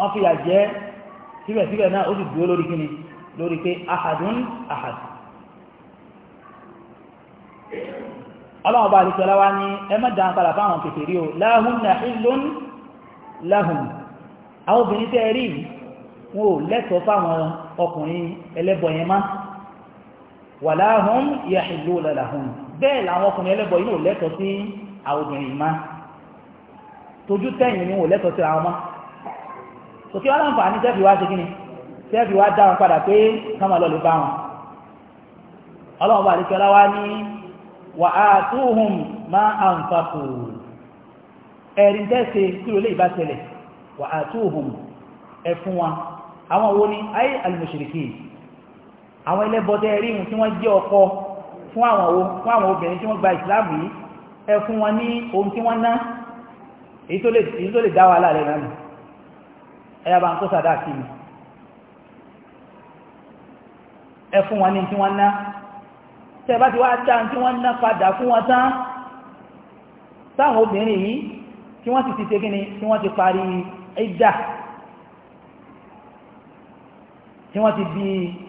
wọ́n fi àjẹ́ síbẹ̀síbẹ̀ náà ó sì dúró lórí kíni lórí pé ahadun ahad ọlọ́wọ́ bá alìsọ́lá wá ní ẹmọ́dá ń padà fáwọn kèfèrí o láhùn náà ìlún láhùn àwọn obìnrin tẹ́ rí wọn ò lẹ́tọ̀ọ́ fáwọn ọkùnrin ẹlẹ́bọ má wà láhùn yà ìlú lálàhùn bẹ́ẹ̀ làwọn ọkùnrin ẹlẹ́bọ ò lẹ́tọ̀ọ́ sí àwọn obìnrin má tójú tẹ́yìn ni wọn ò lẹ́tọ̀ọ́ sí àwọn máa òkè wá láǹfààní tẹ́fì wá ṣe kí ni tẹ́fì wá dáwọn padà pé kama lọ lè bá wọn ọlọ́run bá àdíkẹ́ láwá ní wà á túhùn má àǹfàkù ẹ̀rin tẹ́sẹ̀ tí ó lè bá tẹ́lẹ̀ wà á túhùn ẹ wa àwọn wo ni ayé alìmọ̀ṣìrìkì àwọn ẹlẹ́bọ̀tẹ́ ríhun tí wọ́n jẹ́ ọkọ fún àwọn obìnrin tí wọ́n gba ìsìláàmù yìí ẹ wọn ní ohun tí wọ́n ná èyí tó lè dá wàhálà rẹ̀ náà ẹ̀yà bá ń kó sàdá sí mi ẹ fún wọn ní tí wọ́n ná tẹ́ bá ti wá dá tí wọ́n ná padà fún wọn tán táwọn obìnrin yìí tí wọ́n ti ti tegí ni tí wọ́n ti parí ẹ̀dà tí wọ́n ti bí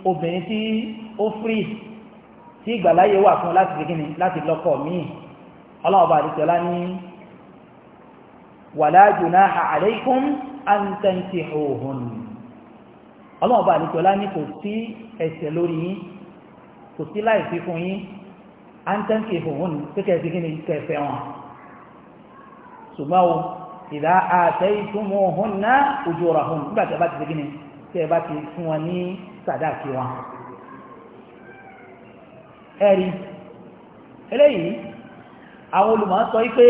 obìnrin tí ó fírí tí ìgbàláyé wà fún láti tegí ni láti lọ́kọ míì ọlọ́ọ̀bà àdìsọ́lá ní wala junaha alaykum àǹtẹ̀ǹtì òhun ọlọ́run bá àdìjọlá ní kò sí ẹ̀ṣẹ̀ lórí yín kò sí láì fi fún yín àǹtẹ̀ǹtì òhun kékeré sí kíni kẹfẹ́ wọn ṣùgbọ́n o ìdá àtẹ ìtumọ̀ òhun náà ojú ọ̀rọ̀ ọ̀hún nígbà tí a bá ti kíni tí ẹ bá ti fún wọn ní sàdáàkì wọn ẹ̀rí eléyìí àwọn olùmọ̀ sọ pé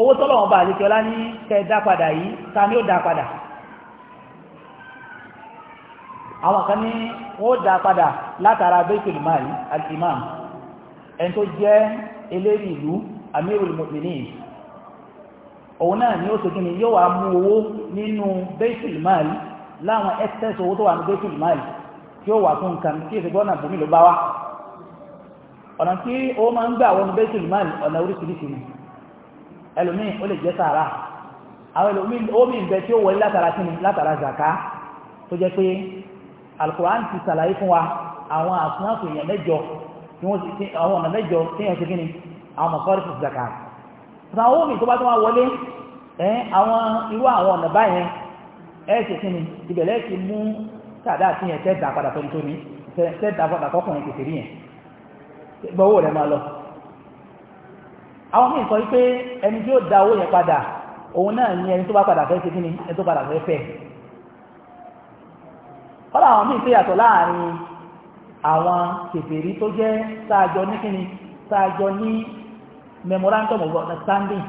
owó tọ́lọ̀wọ́n bá àlekẹ́ ọlá ní kẹ dá padà yìí ta ni ó dá padà àwọn kan ní wọ́n dá látara bẹ́ẹ̀kìlì máàlì al-imam ẹni tó jẹ́ eléri ìlú amirul mu'minin òun náà ni ó sọ kíni yóò wá mú owó nínú bẹ́ẹ̀kìlì máàlì láwọn excess owó tó wà ní bẹ́ẹ̀kìlì máàlì tí ó wà fún nǹkan tí èsì gbọ́nà bùnmí ló bá wá ọ̀nà tí ó máa ń gbà wọnú bẹ́ẹ̀kìlì máàlì ọ̀nà oríṣiríṣi ẹlòmíì ó lè jẹ́ sàárà àwọn ẹlòmíì omi ìbẹ tí ó wọlé látara kíni látara zaka tó jẹ́ pé alukoran ti sàlàyé fún wa àwọn àtúnwàtò èèyàn mẹ́jọ tí wọ́n ti àwọn ọ̀nà mẹ́jọ tí èèyàn ti kíni àwọn mọ̀kọ́rì ti zaka àwọn omi tó bá tó wá wọlé ẹ àwọn irú àwọn ọ̀nà báyẹn ẹ ṣe kíni ìbẹ̀lẹ̀ ti mú sàdá àti yẹn tẹ́ dà padà tó ní tẹ́ dà padà kọ́kùnrin kìtìrì àwọn míì sọ wípé ẹni tí ó da owó yẹn padà òun náà ni ẹni tó bá padà fẹ́ ṣe kí ni ẹni tó padà fẹ́ fẹ́ kọ́lá àwọn míì tó yàtọ̀ láàrin àwọn kèfèrí tó jẹ́ sáàjọ ní kíni sáàjọ ní memorandum of understanding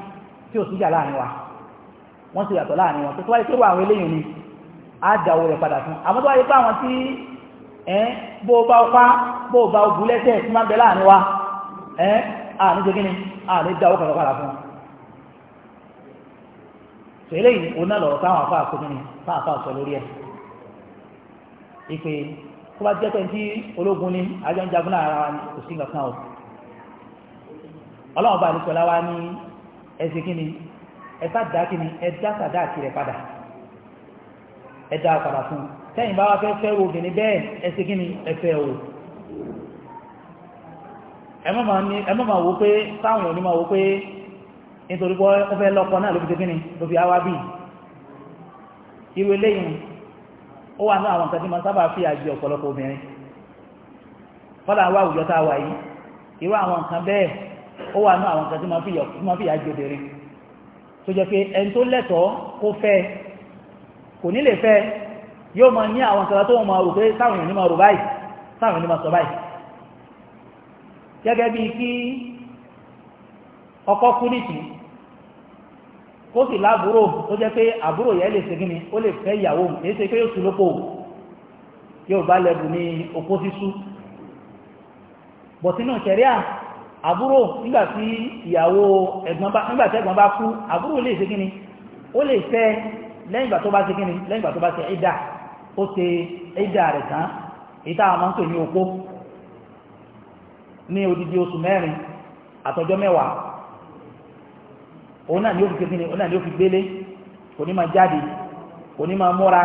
tí ó sì jà láàrin wa wọ́n sì yàtọ̀ láàrin wọn tó tó wáyé pé wà àwọn eléyìn ni á da owó rẹ̀ padà fún àmọ́ tó wáyé pé àwọn tí ẹ́ bó bá ọpá bó bá ogun lẹ́sẹ̀ tí máa ń bẹ láàrin wa àní jẹ́ gíní àní dá ọkọ̀ lọ́pàá fún ṣe eléyìí oná lọ̀rọ̀ táwọn afá àkójúni táwọn afá sọ lórí ẹ̀ ìpè tó bá jẹ́ pẹ́ntí ológun ní ajọ́ ń jagun láàárín wa ní kò sí nǹkan o ọlọ́run bá nípọ̀lá wa ní ẹsẹ̀ kíni ẹ̀fà dá kíni ẹ̀dá sàdá àti rẹ̀ padà ẹ̀dá padà fún tẹ́yìn bá wá fẹ́ fẹ́ wo obìnrin bẹ́ẹ̀ ẹsẹ̀ kíni ẹ̀fẹ́ o ẹmọ́ ma wo pé táwọn èèyàn ní pé nítorí pé ó fẹ́ lọ́kọ náà ló fi tẹ́kínni ló fi bí irú eléyìn ó wà náà àwọn ma sábà fi àjẹ ọ̀pọ̀lọpọ̀ obìnrin fọ́lá tá a wà yìí irú àwọn nǹkan bẹ́ẹ̀ ó wà ma fi àjẹ obìnrin tó jẹ́ pé ẹni tó lẹ́tọ̀ọ́ kó fẹ́ kò fẹ́ yóò ní àwọn tó rò pé gẹ́gẹ́ bí kí ọkọ kú nìtì kó sì láàbúrò tó jẹ́ pé àbúrò yẹn lè segin ni ó lè fẹ́ ìyàwó èyí ṣe pé yóò tún lóko yóò bá lẹ́bù ní okó sísú bọ̀tínú ṣẹ̀ríà àbúrò nígbàtí ìyàwó nígbàtí bá kú àbúrò lè ni ó lè fẹ́ tó ní odidi oṣù mẹ́rin àtọjọ́ mẹ́wàá òun náà ni ó fi kékeré òun náà ni ó fi gbélé kò ní máa jáde kò ní máa múra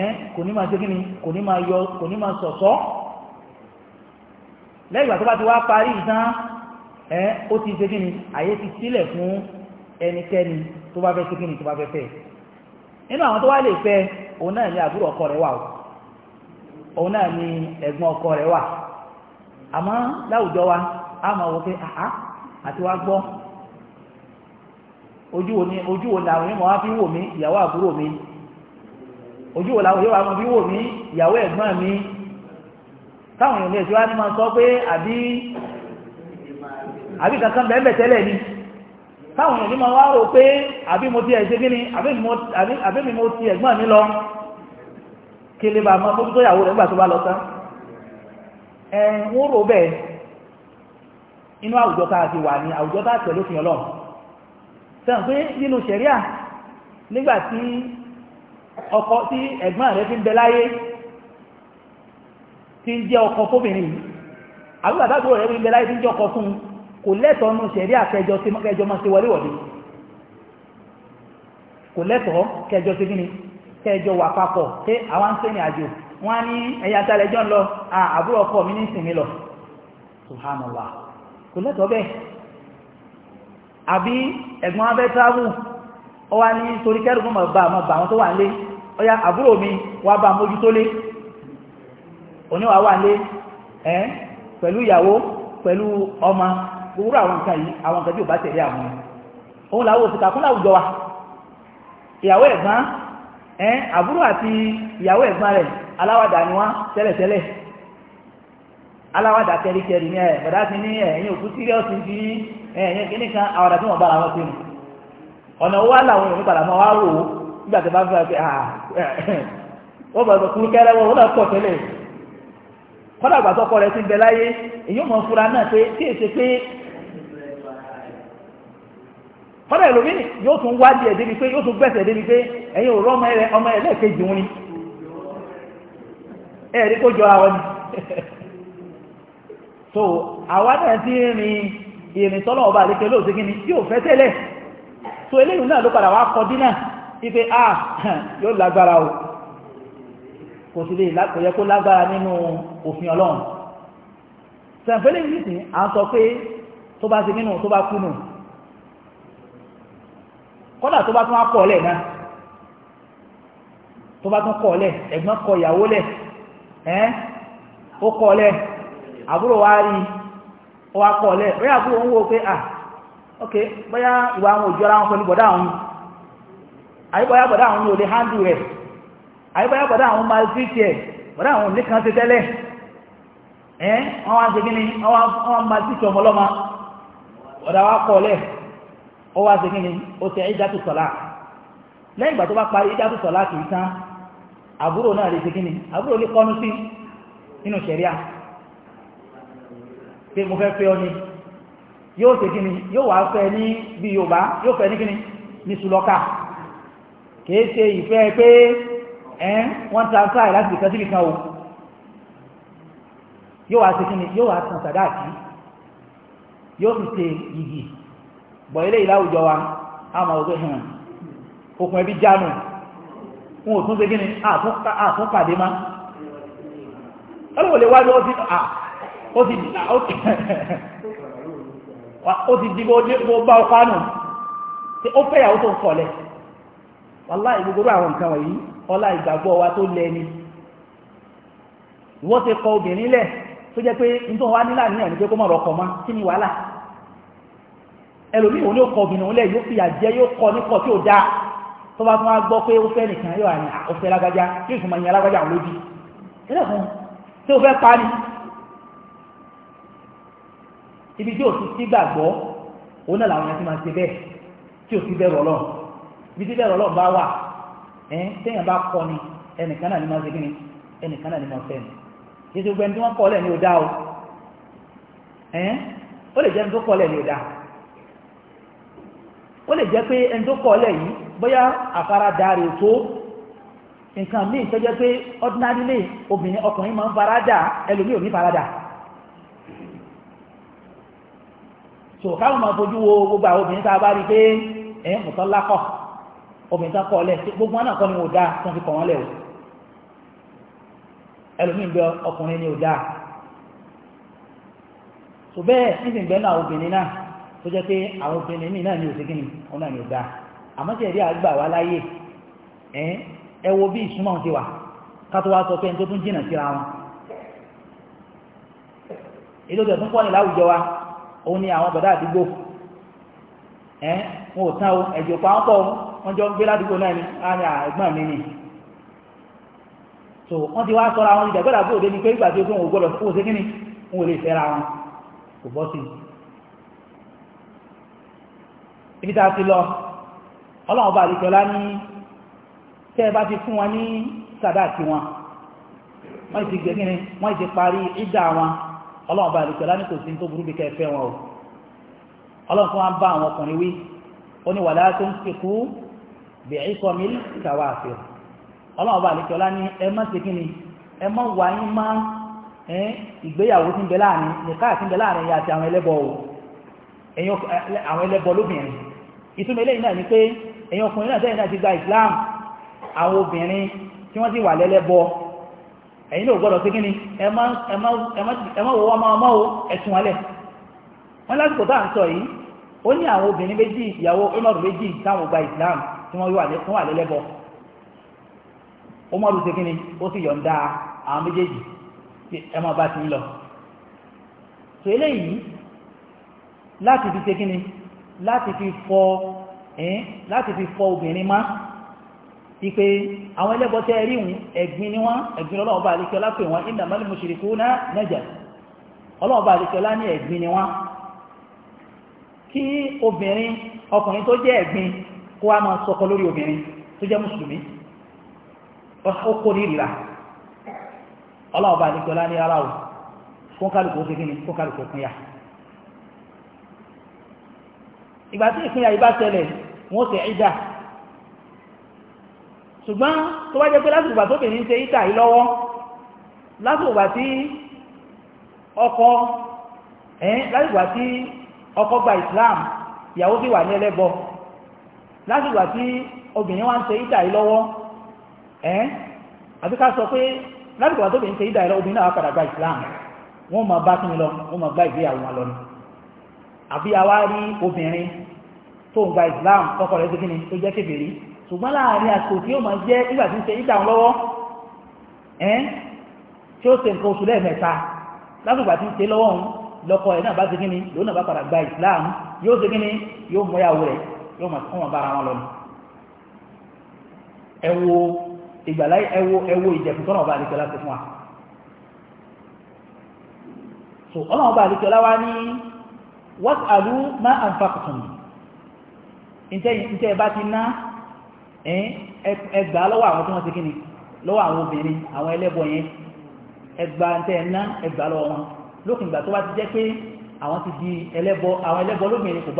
ẹ́n kò ní máa ṣe kíni kò ní máa yọ kò ní máa sọ̀sọ́ lẹ́yìn ìgbà tó bá ti wá parí ìtàn ó ti ṣe kíni àyè ti sílẹ̀ fún ẹnikẹ́ni tó bá fẹ́ ṣe kíni tó bá fẹ́ fẹ́ nínú àwọn tó wá lè fẹ́ òun náà ni àbúrò ọkọ rẹ̀ wà òun náà ni ẹ̀gbọ́n ọkọ rẹ̀ wà àmọ́ láwùjọ wa a máa wọ pé àá àti wá gbọ́ ojú wo ni ojú wo làwọn yóò máa fi wò mí ìyàwó àbúrò mi ojú wo làwọn yóò máa fi wò mí ìyàwó ẹ̀gbọ́n mi táwọn èèyàn lè ṣe wá ní máa sọ pé àbí àbí kankan bẹ́ẹ̀ bẹ́ẹ̀ tẹ́lẹ̀ ni táwọn èèyàn ní máa wá rò pé àbí mo ti ẹ̀ ṣe kí ni àbí mi mo ti ẹ̀gbọ́n mi lọ kí lè bá a máa bójú tó yàwó rẹ̀ nígbà tó bá lọ tán ẹ̀wọ́n rò bẹ́ẹ̀ inú àwùjọ tá a ti wà ní àwùjọ tá a tẹ̀lé òfin ọlọ́run sẹ́wọ̀n pé nínú ṣẹ̀ríà nígbà tí ọkọ tí ẹ̀gbọ́n rẹ̀ fi ń bẹ láyé tí ń jẹ́ ọkọ fóbìnrin àbúgbà tábúrò rẹ̀ fi ń bẹ láyé tí ń jẹ́ ọkọ fún kò lẹ́tọ̀ọ́ nù ṣẹ̀ríà kẹjọ máa ṣe wọléwọ̀dé kò lẹ́tọ̀ọ́ kẹjọ sí gíní kẹjọ wà papọ̀ pé àwọn ń sẹ́ni àjò wọ́n ní ẹ̀yà tàlẹ́jọ́ lọ ah, àbúrò ọkọ mi ní ìsinmi lọ subhanallah kò lẹ́tọ̀ọ́ bẹ́ẹ̀ àbí ẹ̀gbọ́n abẹ́ tábù ọ wá ní torí kẹ́rùkún mọ̀ bá àwọn àwọn tó wà lé ọya àbúrò mi wá bá mójú tó lé oníwà wà lé ẹ́ pẹ̀lú ìyàwó pẹ̀lú ọmọ gbogbo àwọn nǹkan yìí àwọn nǹkan tí ò bá tẹ̀lé àwọn òun làwọn òsìkà fún láwùjọ wa ìyàwó ẹ̀gbọ́n ẹ́ àbúrò àti ìyàwó ẹ̀gbọ́n rẹ̀ aláwàdà ni wọ́n tẹ́lẹ̀tẹ́lẹ̀ aláwàdà tẹ́lẹ̀tẹ́lẹ̀ ní ẹ̀ bọ̀dá ti ní ẹ̀yìn òkú síríọ́sì bí ẹ̀yìn kìíní kan àwàdà tí wọ́n bára wọn sínú ọ̀nà owó aláwọn òní padà máa wá rò ó ah, eh, yóò tún wá yóò ẹ̀rí kó jọ àwọn ni (laughs) so àwa náà ti rin ìrìn tọ́lọ̀ ọba àríkẹ́ lóòsí kí ni tí fẹ́ tẹ́lẹ̀ so eléyìí náà ló padà wá kọ dínà ipe a yóò lágbára o kò sí lè kò yẹ kó lágbára nínú òfin ọlọ́run sẹ̀ǹfẹ́lẹ́ yìí sì à ń sọ pé tó bá ti nínú tó bá kú nù kọ́dà tó bá tún wá kọ̀ ọ̀lẹ̀ náà tó bá tún kọ̀ ọ̀lẹ̀ ẹ̀gbọ́n kọ ìyàwó lẹ̀ ẹ́ ó kọ́lẹ̀ àbúrò wá rí ó wá kọ́lẹ̀ rí àbúrò pé ok bóyá ìwà àwọn òjò ara wọn pẹ̀lú bọ̀dá àwọn àyíbọ̀yá bọ̀dá àwọn ní olè handù rẹ̀ àyíbọ̀yá bọ̀dá àwọn máa sí tiẹ̀ bọ̀dá àwọn ní kan ti tẹ́lẹ̀ ẹ́ wọ́n wá ń wọ́n wa wá àbúrò náà lè ṣe kí ni àbúrò lè kọ́nú sí nínú ṣẹ̀ríà pé mo fẹ́ fẹ́ ọ ni yóò ṣe kí ni yóò wá fẹ́ ní bí Yorùbá yóò fẹ́ ní kí ni ní sùlọ́kà kìí ṣe ìfẹ́ pé ẹn wọ́n transfer láti ìkan síbi kan o yóò wá ṣe kí ni yóò wá san sàdáàkì yóò fi ṣe yìgì bọ̀ ilé ìlà wa a máa hàn hmm, okùn ẹbí jánu wọn ò tún ṣe gíní àtúnpàdé má ọlọ́wọ̀lẹ̀ wájú ó ti (laughs) dìbò bá ọpá nù tí ó fẹ́yàwó tó ń kọ̀lẹ̀ opeya ìgbogbo àwọn nǹkan wọ̀nyí ọlá ìgbàgbọ́ wa tó lẹ́ni wọ́n ti kọ obìnrin lẹ̀ tó jẹ́ pé nítorí wá nílà níyàn ní pé kó ki ni kọ tó bá tún á gbọ́ pé ó fẹ́ nìkan yóò àní ah, ó fẹ́ lágbájá yóò fún ma yan lágbájá àwọn lójú ẹ̀rọ kan tí ó fẹ́ pa ni ibi tí ò ti sí gbàgbọ́ òun náà làwọn yẹn ti máa ṣe bẹ́ẹ̀ tí ò sí bẹ́ẹ̀ rọ̀ lọ́n ibi tí bẹ́ẹ̀ rọ̀ lọ́n bá wà ẹ̀ téèyàn bá kọ́ ni ẹnìkan náà ni máa ṣe kí ni ẹnìkan náà ni máa fẹ́ ni kí ti gbẹ́ni tí wọ́n kọ́ lẹ̀ ní ọ̀dà o ẹ̀ ó lè jẹ́ ẹni tó kọ́ lẹ̀ ní ọ̀dà ó lè jẹ́ pé ẹni tó kọ́ lẹ̀ yìí bóyá àfaradà rẹ̀ tó nǹkan míì tó jẹ́ pé ordinary lè obìnrin ọkùnrin máa ń faradà ẹlòmí ò ní faradà so káwọn máa fojú wo gbogbo àwọn obìnrin tá a bá rí pé ẹ̀yìn mọ̀tọ́ lákọ̀ obìnrin tó kọ́ ọ lẹ̀ gbogbo wọn náà kọ́ ni ò dáa tó fi kọ̀ wọ́n lẹ̀ ẹlòmí ń bẹ ọkùnrin ni ò dáa so bẹ́ẹ̀ níbi ìgbẹ́ náà obìnrin náà tó jẹ́ pé àwọn obìnrin míì náà ni ò sí gíní òun náà ni ò dáa àmọ́ tí ẹ̀rí àgbà wá láyé ẹ wo bí ìsúnmọ́ ti wà kátó wá sọ pé ẹni tó tún jìnnà síra wọn èdè òtún tún pọ́nì láwùjọ wa òun ni àwọn bàdá àdúgbò ẹ wọn ò tán o ẹ̀jẹ̀ pa wọn pọ̀ wọn jọ ń gbé ládùúgbò náà ni á ní ẹ̀gbọ́n mi ni so wọ́n ti wá sọ́ra wọn ìdàgbọ́dà bó òde ni pé ìgbà tí ó tún òun gbọ́dọ̀ fún òsè kínní wọn ò lè fẹ́ra wọn kò bọ́ sí ibi tá a ti lọ ọlọ́run bá àríkọlá ní tẹ́ bá ti fún wọn ní sàdáàkì wọn wọ́n ti gbẹ̀ gíní wọ́n ti parí ìdá wọn ọlọ́run bá àríkọlá ní kò sí tó burú bí kẹfẹ́ wọn o ọlọ́run fún wọn bá àwọn ọkùnrin wí ó ní wàlá tó ń bí mi kàwá àfẹ́ bá ní ẹ má ṣe ẹ má wà ní má ìgbéyàwó tí ń bẹ láàrin nìkáà tí ń bẹ láàrin yà àti àwọn ẹlẹ́bọ ìtumọ̀ eléyìí náà ni pé ẹ̀yin ọkùnrin náà tẹ́yìn náà ti gba islam àwọn obìnrin tí wọ́n ti wà lẹ́lẹ́bọ ẹ̀yin náà gbọ́dọ̀ sí kíni ẹmọ́ wo ọmọ ọmọ o ẹ̀sùn alẹ̀ wọ́n lásìkò tá à ń sọ yìí ó ní àwọn obìnrin méjì ìyàwó islam tí wọ́n wà lẹ́lẹ́bọ ọmọdù sí kíni ó sì yọ̀ǹda àwọn méjèèjì ẹmọ bá ti ń lọ so eléyìí láti fi fọ ẹ́n láti fi fọ obìnrin má ipe àwọn ẹlẹ́bọ tẹ́ rí wọn ẹ̀gbin ni wọ́n ẹ̀gbin ọlọ́wọ́ bá àríkẹ́ ọlá pè wọ́n innamal mushrikuna najas ọlọ́wọ́ bá àríkẹ́ ọlá ní ẹ̀gbin ni wọ́n kí obìnrin ọkùnrin tó jẹ́ ẹ̀gbin kó a máa sọkọ lórí obìnrin tó jẹ́ mùsùlùmí ó kó ní ìlà ọlọ́wọ́ bá àríkẹ́ ọlá ní ara ò fún kálukú ó ti gíní fún kálukú ó pín yà ìgbà tí ìpínyà yìí bá ṣẹlẹ̀ wọ́n ṣe ìdá ṣùgbọ́n tó bá jẹ́ pé lásìkò ìgbà tó bìnrin ṣe ìdá yìí lọ́wọ́ lásìkò ìgbà tí ọkọ lásìkò ìgbà tí ọkọ gba Islam ìyàwó sì wà ní ẹlẹ́bọ lásìkò ìgbà tí obìnrin wá ń ṣe ìdá yìí lọ́wọ́ ẹ̀yìn àti ká Islam wọ́n máa bá kí ni lọ wọ́n àbí àwa rí obìnrin tó ń gba islam tọkọ rẹ̀ tó kí ni tó jẹ́ kébèrè ṣùgbọ́n láàrin àsìkò tí ó máa jẹ́ nígbà tí ń ṣe ìdáhùn lọ́wọ́ ẹ́n tí ó ṣe nǹkan oṣù lẹ́ẹ̀mẹ́ta lásìgbà tí ń ṣe lọ́wọ́ òun lọ́kọ ẹ̀ náà bá ṣe kí ni lòun náà bá padà gba islam yóò ṣe kí ni yóò mọ ìyàwó rẹ̀ yóò máa fún wọn bára wọn lọ ni ẹ wo ìgbàláyé ẹ wo ẹ wo ìjẹ̀kùn tọ́nà ọba àdìkọ́lá ti fún wa so was'alu ma anfaqtum ìtẹ́ ìbá ti ná ẹgbà lọ́wọ́ àwọn tí wọ́n ti awon lọ́wọ́ awon elebo àwọn ẹlẹ́bọ yẹn ẹgbà tẹ́ ná ẹgbà lọ́wọ́ wọn lókùn ìgbà tó ti jẹ́ pé àwọn ti di ẹlẹ́bọ àwọn ẹlẹ́bọ lóbìnrin kò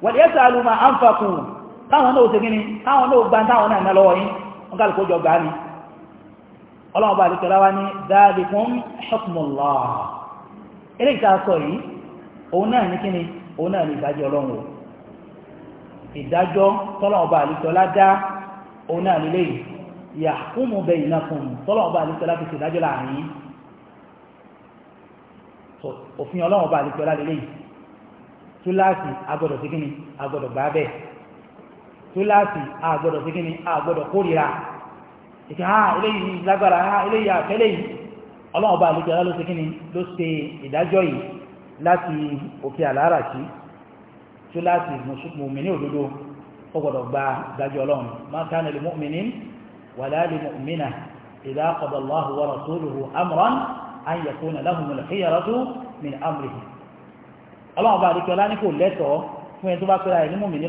gba yasalu ma anfaqu táwọn no ti kíni táwọn náà gba na náà ná lọ́wọ́ yín wọ́n bá eléyìí tá a sọ yìí òun náà ní kíni òun náà ní ìdájọ́ ọlọ́run o ìdájọ́ tọ́lọ́run ọba àlùsọ́lá dá òun náà nílé yìí yàkúmù bẹ́ẹ̀ iná fún un tọ́lọ́run ọba àlùsọ́lá fi ṣèdájọ́ láàrin yìí òfin ọlọ́run ọba àlùsọ́lá lélẹ̀ yìí túláàsì agbọ́dọ̀ sí kíni agbọ́dọ̀ gbá bẹ́ẹ̀ túláàsì agbọ́dọ̀ sí kíni agbọ́dọ̀ kórìíra ìkà eléyìí lágbára eléyìí àfẹ́lẹ́ ọlọ́run ọba àlejò ọlá ló ṣe kíni ló ṣe ìdájọ́ yìí láti òkè àlàárà sí tó láti mùmíní òdodo ó gbọ́dọ̀ gba ìdájọ́ ọlọ́run máa ká nílùú mùmíní wàlá lè mùmínà ìdá qada Allahu wa rasuluhu amran an yakuna lahumul khiyaratu min amrihim ọlọ́run ọba àlejò ọlá ní kò lẹ́tọ̀ọ́ fún ẹni tó bá pẹ́ra ẹ̀ ní mùmíní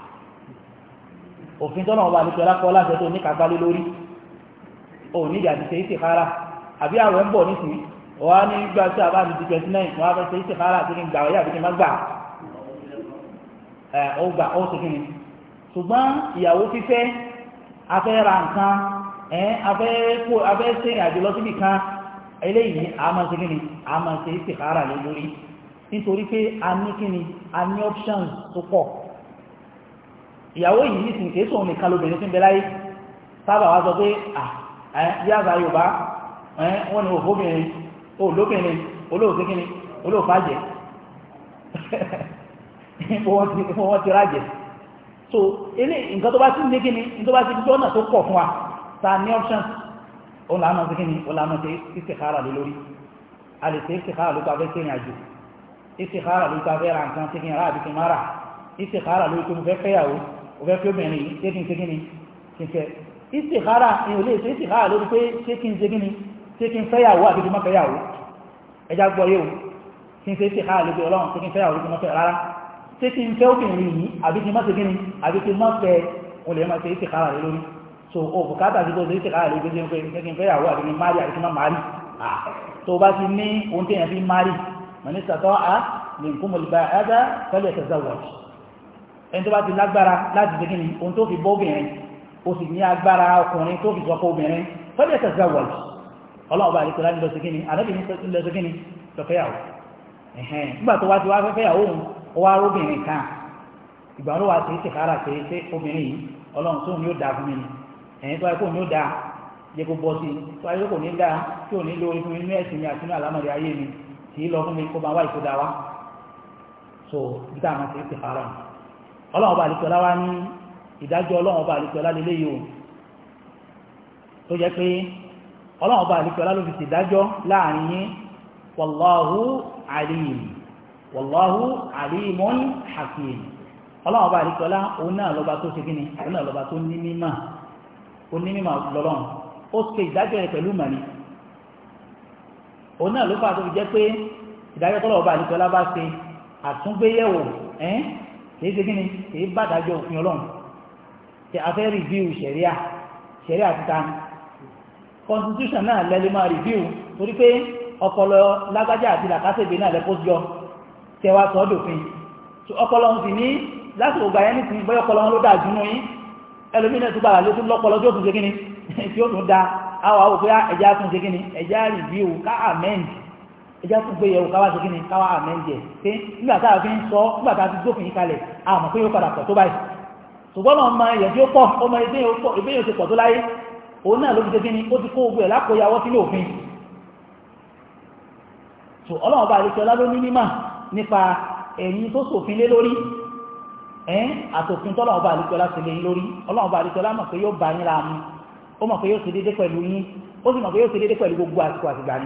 òfin tọ́nà ọba àlùkò ẹlákọ́ láti ẹ̀tọ́ oníkàgbá lé lórí òun níbi àti ṣe istikhara àbí àwẹ̀ ń bọ̀ nísìnyí wọ́n á ní gbà sí àbá mi di twenty nine wọ́n á fẹ́ ṣe istikhara àti kí n gbà wọ́n yà àbí kí n má gbà ẹ̀ ó gbà ó ṣe kí ni ṣùgbọ́n ìyàwó ìyàwó yìí ní ìsìnkè sóun nìkan lóbìnrin tí ń bẹ láyé sábà wá sọ pé yáàzá yorùbá wọ́n ni òfóbìnrin olóbìnrin olóòsíkíní olóòfàjẹ́ (laughs) wọ́n ti rájẹ̀ so ilé nǹkan tó bá sí nígíní tó bá sí jọ́nà tó pọ̀ fún wa ta ní option olànà síkíní olànà tí ìsìkára lè lórí a lè tẹ́ ìsìkára ló pàfẹ́ sẹ́rìn àjò ìsìkára ló òfẹ́ kí obìnrin ṣé kí n ṣe gíní kí n fẹ́ ìsìkára ni ò lè ṣe ìsìkára lórí pé ṣé kí n ṣe gíní ṣé kí n fẹ́yàwó àbí kí n má fẹ́yàwó ẹja gbọ́ yóò kí n ṣe ìsìkára lórí ọlọ́run ṣé kí n fẹ́yàwó kí n má fẹ́ rárá ṣé kí n fẹ́ obìnrin yìí àbí kí n má ṣe gíní àbí kí n má fẹ́ òun lè má ṣe ìsìkára lórí so ẹni tó bá ti lágbára láti ṣe kíni ohun tó fi bọ́ obìnrin ó sì ní agbára ọkùnrin tó fi sọpọ̀ obìnrin fọ́lẹ̀ tẹ̀síwá wọ̀lù ọlọ́run bá àdìkọ́ láti lọ sí kíni àdọ́bì ní lọ sí kíni lọ́fẹ́yàwó ẹ̀hẹ́n nígbà tó wá ti wá fẹ́fẹ́yàwó òun wá róbìnrin kan ìgbà ló wá sí ìṣèkára pé ṣé obìnrin yìí ọlọ́run tó ní ó dáa fún mi ni ẹ̀yìn tó ọlọ́run ọba àlùkò láwa ní ìdájọ́ ọlọ́run ọba àlùkò ọlá lélẹ́ yìí o tó jẹ́ pé ọlọ́run ọba àlùkò ọlá ló fi ṣèdájọ́ láàrin yín wàláhù àlìm wàláhù àlìmọ́n hakim ọlọ́run ọba àlùkò ọlá òun náà lọ́ba tó ṣe kíni òun náà lọ́ba tó ní mímọ̀ ó ní mímọ̀ lọ́lọ́run náà ló fà tó ṣe àtúngbéyẹ̀wò kìí ṣe kíni kìí bá dájọ́ òfin ọlọ́run tí a fẹ́ rìvíw ṣẹ̀ríà ṣẹ̀ríà títa constitution náà lẹ́lẹ́ máa rìvíw torí pé ọpọlọ lágbájá àti làkásẹ̀gbé náà lẹ́kọ́ jọ tẹwàá sọ dòfin ọpọlọ ń sì ní láti ògbà yẹn nìsín bọ́yọ̀ ọpọlọ wọn ló dáa jùlọ yín ẹlòmínà tó gbàrà ló tún lọ́pọlọ tí ó tún ṣe kíni (laughs) tí ó tún da àwọn àwòkúyà ah, ẹ̀já tún ṣe kíni ẹ̀já rìvíw ká ẹjá tó gbé yẹ̀wò káwá ṣegí ni káwá àmẹ́jẹ̀ pé nígbàtà fi ń sọ nígbàtà fi gbófin kalẹ̀ àmọ̀ pé yóò padà pọ̀ tó báyìí ṣùgbọ́n náà ma ẹ̀yẹ̀ tí ó pọ̀ ọmọ ẹgbẹ́ yóò ṣe pọ̀ tó láyé òun náà ló fi ṣegí ni ó ti kó ogun ẹ̀ lákòyàwó sílé òfin tó ọlọ́run bá ọlá mímà nípa ẹ̀yìn tó lé lórí àtòfin tọ́lọ́run bá ọlá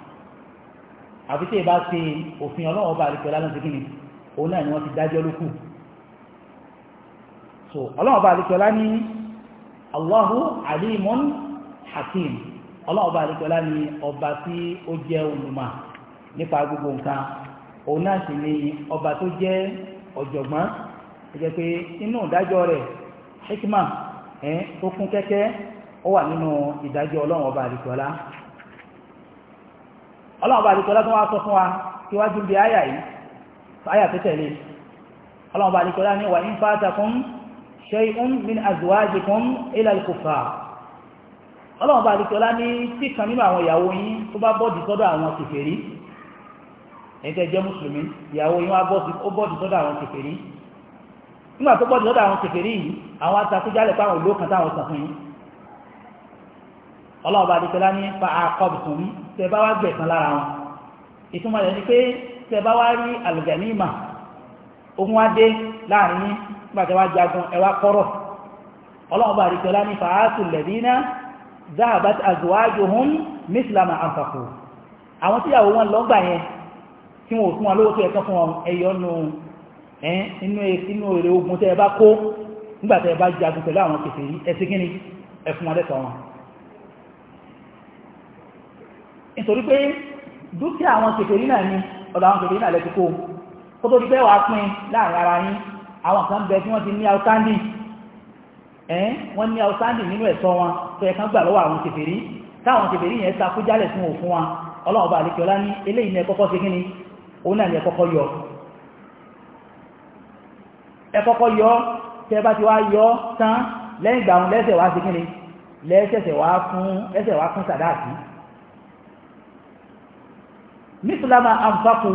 àfi tí ìbá ṣe òfin ọlọ́wọ́ bá àríkẹ́ lálọ́ síkí ni òun náà ni wọ́n ti dájọ́ lókù so ọlọ́wọ́ bá àríkẹ́ lá ní Allahu alimun hakim ọlọ́wọ́ bá àríkẹ́ lá ní ọba tí ó jẹ́ olùmọ̀ nípa gbogbo nǹkan òun náà sì ni ọba tó jẹ́ ọ̀jọ̀gbọ́n tó jẹ́ pé inú ìdájọ́ rẹ̀ hikma ẹ̀ tó kún kẹ́kẹ́ ó wà nínú ìdájọ́ ọlọ́wọ́ bá àríkẹ́ lá ọlọ́run bá àdìkọ́lá tó wá sọ fún wa kí wájú bí àyà yìí àyà tó tẹ̀lé ọlọ́run bá àdìkọ́lá ní wà ń fàtà fún shay'un min azwajikum ila al-kuffar ọlọ́run bá àdìkọ́lá ní tí kan nínú àwọn ìyàwó yín tó bá bọ́ọ̀dì sọ́dọ̀ àwọn kèfèrí ẹ̀tẹ́ jẹ́ mùsùlùmí ìyàwó yín wá bọ́ọ̀dì ọlọ́ọ̀bá adìsọ́lá ní fa àkọ́bùtùn ní tẹ bá wá gbẹ̀sán lára wọn ìtumọ̀ rẹ̀ ni pé tẹ bá wá rí àlùgànímà ogun wá dé láàrin ní gbàtẹ́ wá jagun ẹwà kọ́rọ̀ ọlọ́ọ̀bá adìsọ́lá ní fa àtùlẹ̀dínà zahabat azwajuhum mislama anfaqu àwọn tíyàwó wọn lọ gbà yẹn tí wọn ò fún wọn lówó tó ẹ̀kan fún wọn ẹ̀yọ́ e, inú èrè ogun tẹ́ ẹ bá kó nígbàtẹ́ ẹ bá jagun pẹ̀lú àwọn kèfèrí ẹ̀sìn ẹ̀fún wọn wọn nítorí pé dúkìá àwọn kèfèrí náà ni ọ̀dọ̀ àwọn kèfèrí náà lẹ́tí kó kó tó di pé wàá pín láàrin ara yín àwọn kan bẹ tí wọ́n ti ní outstanding ẹ̀ wọ́n ní outstanding nínú wọn tó yẹ gbà lọ́wọ́ àwọn kèfèrí yẹn lẹ́sẹ̀ wá fún sàdáàtì mísìlámà àǹfàkù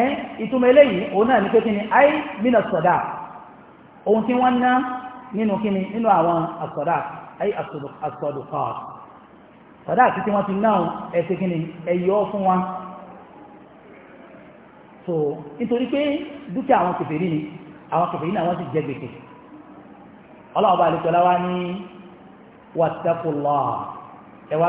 ẹ́ eh eléyìí òun náà ní pé kí ai mina sọ̀dá ohun tí wọ́n ná nínú kí ni ai àsọ̀dùkọ̀ sọ̀dá àti tí wọ́n ti náà ẹ̀sẹ̀ kí wa so nítorí pé dúkìá àwọn kèfèrí ni àwọn kèfèrí náà wọ́n ti wa ní wàtẹ́kùlọ́ ẹ wá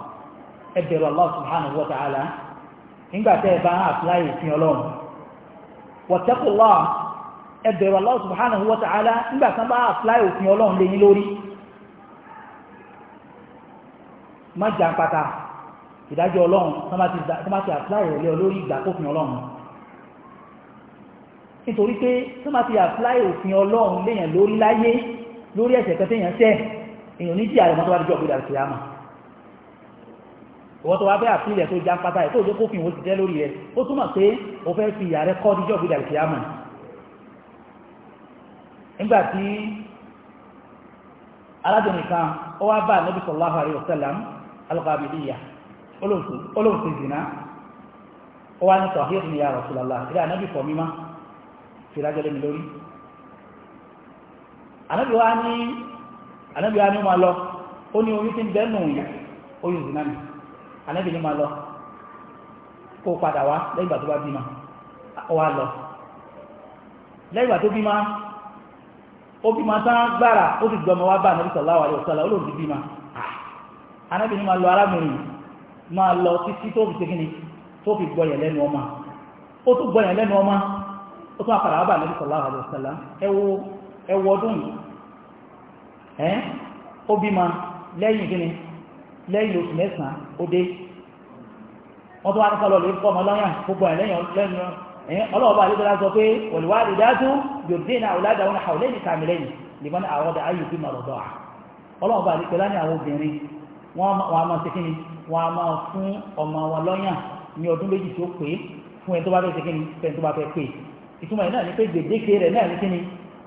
ẹ bẹ̀rù Allah subhanahu wa ta'ala nígbà tẹ́ ẹ bá apply òfin ọlọ́run wattaqullah ẹ bẹ̀rù Allah subhanahu wa ta'ala nígbà tán bá apply òfin ọlọ́run lé yín lórí má jà ń pata ìdájọ́ ọlọ́run tán bá ti apply òlẹ́ olórí ìgbà kófin ọlọ́run nítorí pé tán bá ti apply òfin ọlọ́run léyàn lórí láyé lórí ẹ̀ṣẹ̀ kẹtẹ́yàn sẹ́ èèyàn ní jí àrẹ̀mọ́tọ́wájú ọ̀gbẹ̀dà kìámà ìwọ́n tó wá fẹ́ àfihàn tó já pátá ẹ̀ tó jẹ́ kófin òun jẹ́ lórí ẹ̀ ó túmọ̀ pé o fẹ́ fi ìyà kọ́ díjọ́ gbé dàrí kìámà nígbà tí ó wá bá Nabi sallallahu alaihi wasallam al zina ó wá ní sahih ni ya Rasulullah ilé anábì fọ anábì ní máa lọ kó padà wá lẹ́yìn ìgbà tó bá bímọ wá lọ lẹ́yìn ìgbà tó bímọ ó bímọ tán gbára ó sì gbọmọ wá bá anábì sallallahu alaihi wasallam ó ti bímọ anábì ní ma lọ arábìnrin máa lọ títí tó fi ṣe kíni tó fi gbọyẹ̀ lẹ́nu ọmọ ó tún gbọyẹ̀ lẹ́nu ọmọ ó tún àpàdà wá bá anábì ẹwọ lẹ́yìn oṣù mẹ́sàn-án ó dé wọ́n tó wá nípa lọ́ọ̀lù ikú ọmọ lọ́yàn gbogbo ẹ̀ lẹ́yìn lẹ́nu ẹ̀yìn ọlọ́ọ̀bá àdébọ́lá sọ pé òlùwà àdìdátú yòdé náà ọ̀làdà wọn àwọn lẹ́yìn kàmì lẹ́yìn lèmọ́n àwọn ọ̀dà ayò bí mọ̀rọ̀dọ̀ à ọlọ́ọ̀bá àdébọ́lá ní àwọn obìnrin wọ́n a máa ṣe kíni wọ́n a máa fún ọmọ wọn lọ́yàn ní ọdún méjì tó pé fún ẹni tó bá fẹ́ ṣe kíni fẹ́ni tó bá fẹ́ pé ìtumọ̀ náà ni pé gbèdéke rẹ̀ náà ní kíni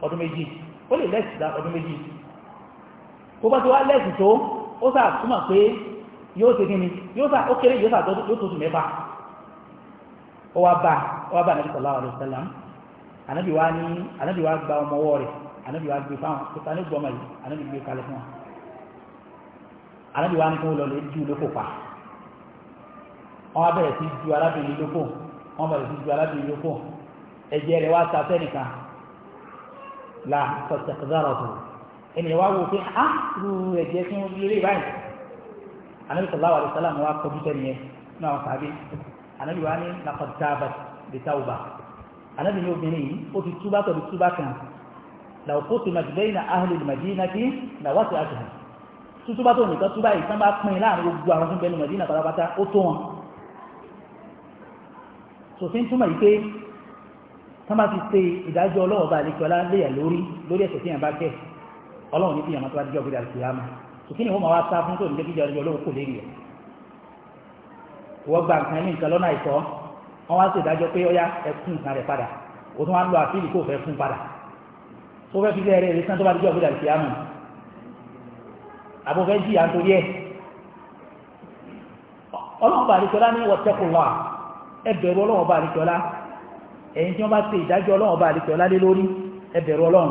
ọdún méjì ó lè lẹ́sì ọdún méjì bá ti wá lẹ́sì tó ó sà túmọ̀ pé yóò ṣe kí ni yóò sà ó kéré yóò sà yóò tó tù mẹ́fà ó wá bá ó wá bá anabi sallallahu alaihi wasallam anabi wa ní anabi gba ọmọ ọwọ́ rẹ̀ anabi wa gbé fáwọn kó sani gbọmọ yìí gbé kalẹ̀ fún wa ní kí wọ́n lóko pa wọ́n bẹ̀rẹ̀ sí ju arábìnrin lóko wọ́n bẹ̀rẹ̀ sí ju arábìnrin la ènìyàn wá wo pé á ah, ru ẹ̀jẹ̀ tí wọ́n lé báyìí anabi sallallahu alayhi wa sallam wa kọjú sẹ́ni yẹn ní àwọn sàbí anabi wa ní lakọ̀tàbà bìtàwùbà anabi ní obìnrin yìí ó ti túbá tọ̀ bí túbá kan làwọn kó tó màdìbẹ́yìn náà ahli al-madinati làwọn ti àjùmọ̀ tútúbá tó nìkan túbá yìí tán bá pín in láàrin gbogbo àwọn tó ń bẹnu mọ̀dínà pátápátá ó tó wọn ọlọ́run ní fi àmọ́ tó bá díjọ́ gbé dàrú kìlámà òkè ni wọ́n máa wá sá fún tó ní déjọ́ ìjọ olówó kò lè rí ẹ̀ wọ́n gba nǹkan ní nǹkan lọ́nà àìtọ́ wọ́n wá ṣèdájọ́ pé ọyá ẹ fún nǹkan rẹ̀ padà ó tún wá ń lo àfíìlì kó fẹ́ fún padà tó fẹ́ fi lé ẹrẹ́ ìrẹsán tó bá díjọ́ gbé dàrú kìlámà àbọ̀fẹ́ jìyà nítorí ẹ̀ ọlọ́run bá àdìsọ́lá ní wọ́n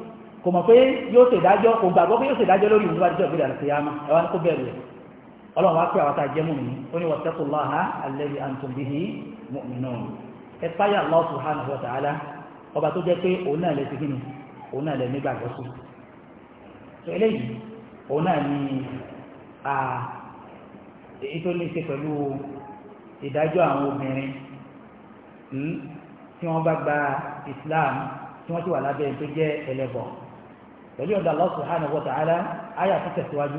kò mọ̀ pé yóò ṣèdájọ́ kò gbàgbọ́ pé yóò ṣèdájọ́ lórí ìlú àdíjọ́ ìgbéra ti yáma ẹwà ní kó bẹ̀rù ẹ̀ ọlọ́run wá pé àwọn tá a jẹ́ mùmí ó ní wattaqullaha alladhi antum bihi mu'minun ẹ fáyà Allah subhanahu wa ta'ala ọba tó jẹ́ pé òun náà lè ti kíni hmm, tí wọ́n bá gba Islam tí wọ́n ti wà lábẹ́ tó jẹ́ ẹlẹ́bọ̀n pẹ̀lú ọ̀dà Allah subhanahu wa ta'ala ayà tó tẹ̀síwájú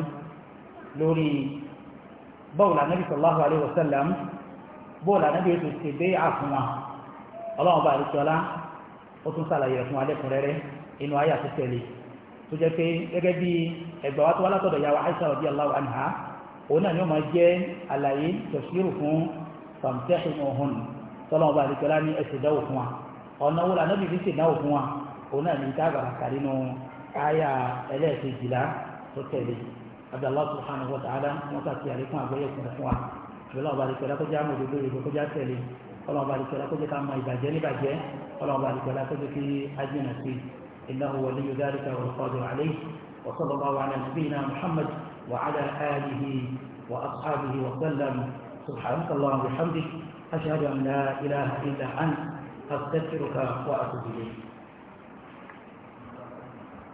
lórí bọ́ọ̀lá nabi sallallahu alaihi wa sallam bọ́ọ̀lá nabi ètò ìṣègbè àfúnwa ọlọ́run bá àríkíọ́lá ó tún sàlàyé ẹ̀fún alẹ́kùnrẹ́rẹ́ inú ayà tó tẹ̀lé tó jẹ́ pé gẹ́gẹ́ bí ẹgbà wa tó wá látọ̀dọ̀ yàwó Aisha radiyallahu anha òun náà ni ó máa jẹ́ aya ẹlẹ́ẹ̀kejìlá tó tẹ̀lé abẹ́ Allah subhanahu wa ta'ala wọ́n kà sí àlékún àgbẹ̀yẹ̀ fún fún wa àbẹ̀lẹ́ ọba àdìsẹ́lá kọjá mọ̀lẹ́lẹ́ òyìnbó kọjá tẹ̀lé ọlọ́ọ̀ba àdìsẹ́lá kọjá ká mọ ìbàjẹ́ níbàjẹ́ ọlọ́ọ̀ba àdìsẹ́lá kọjá kí ajínà sí innahu waliyyu dhalika wal qadiru alayhi wa sallallahu ala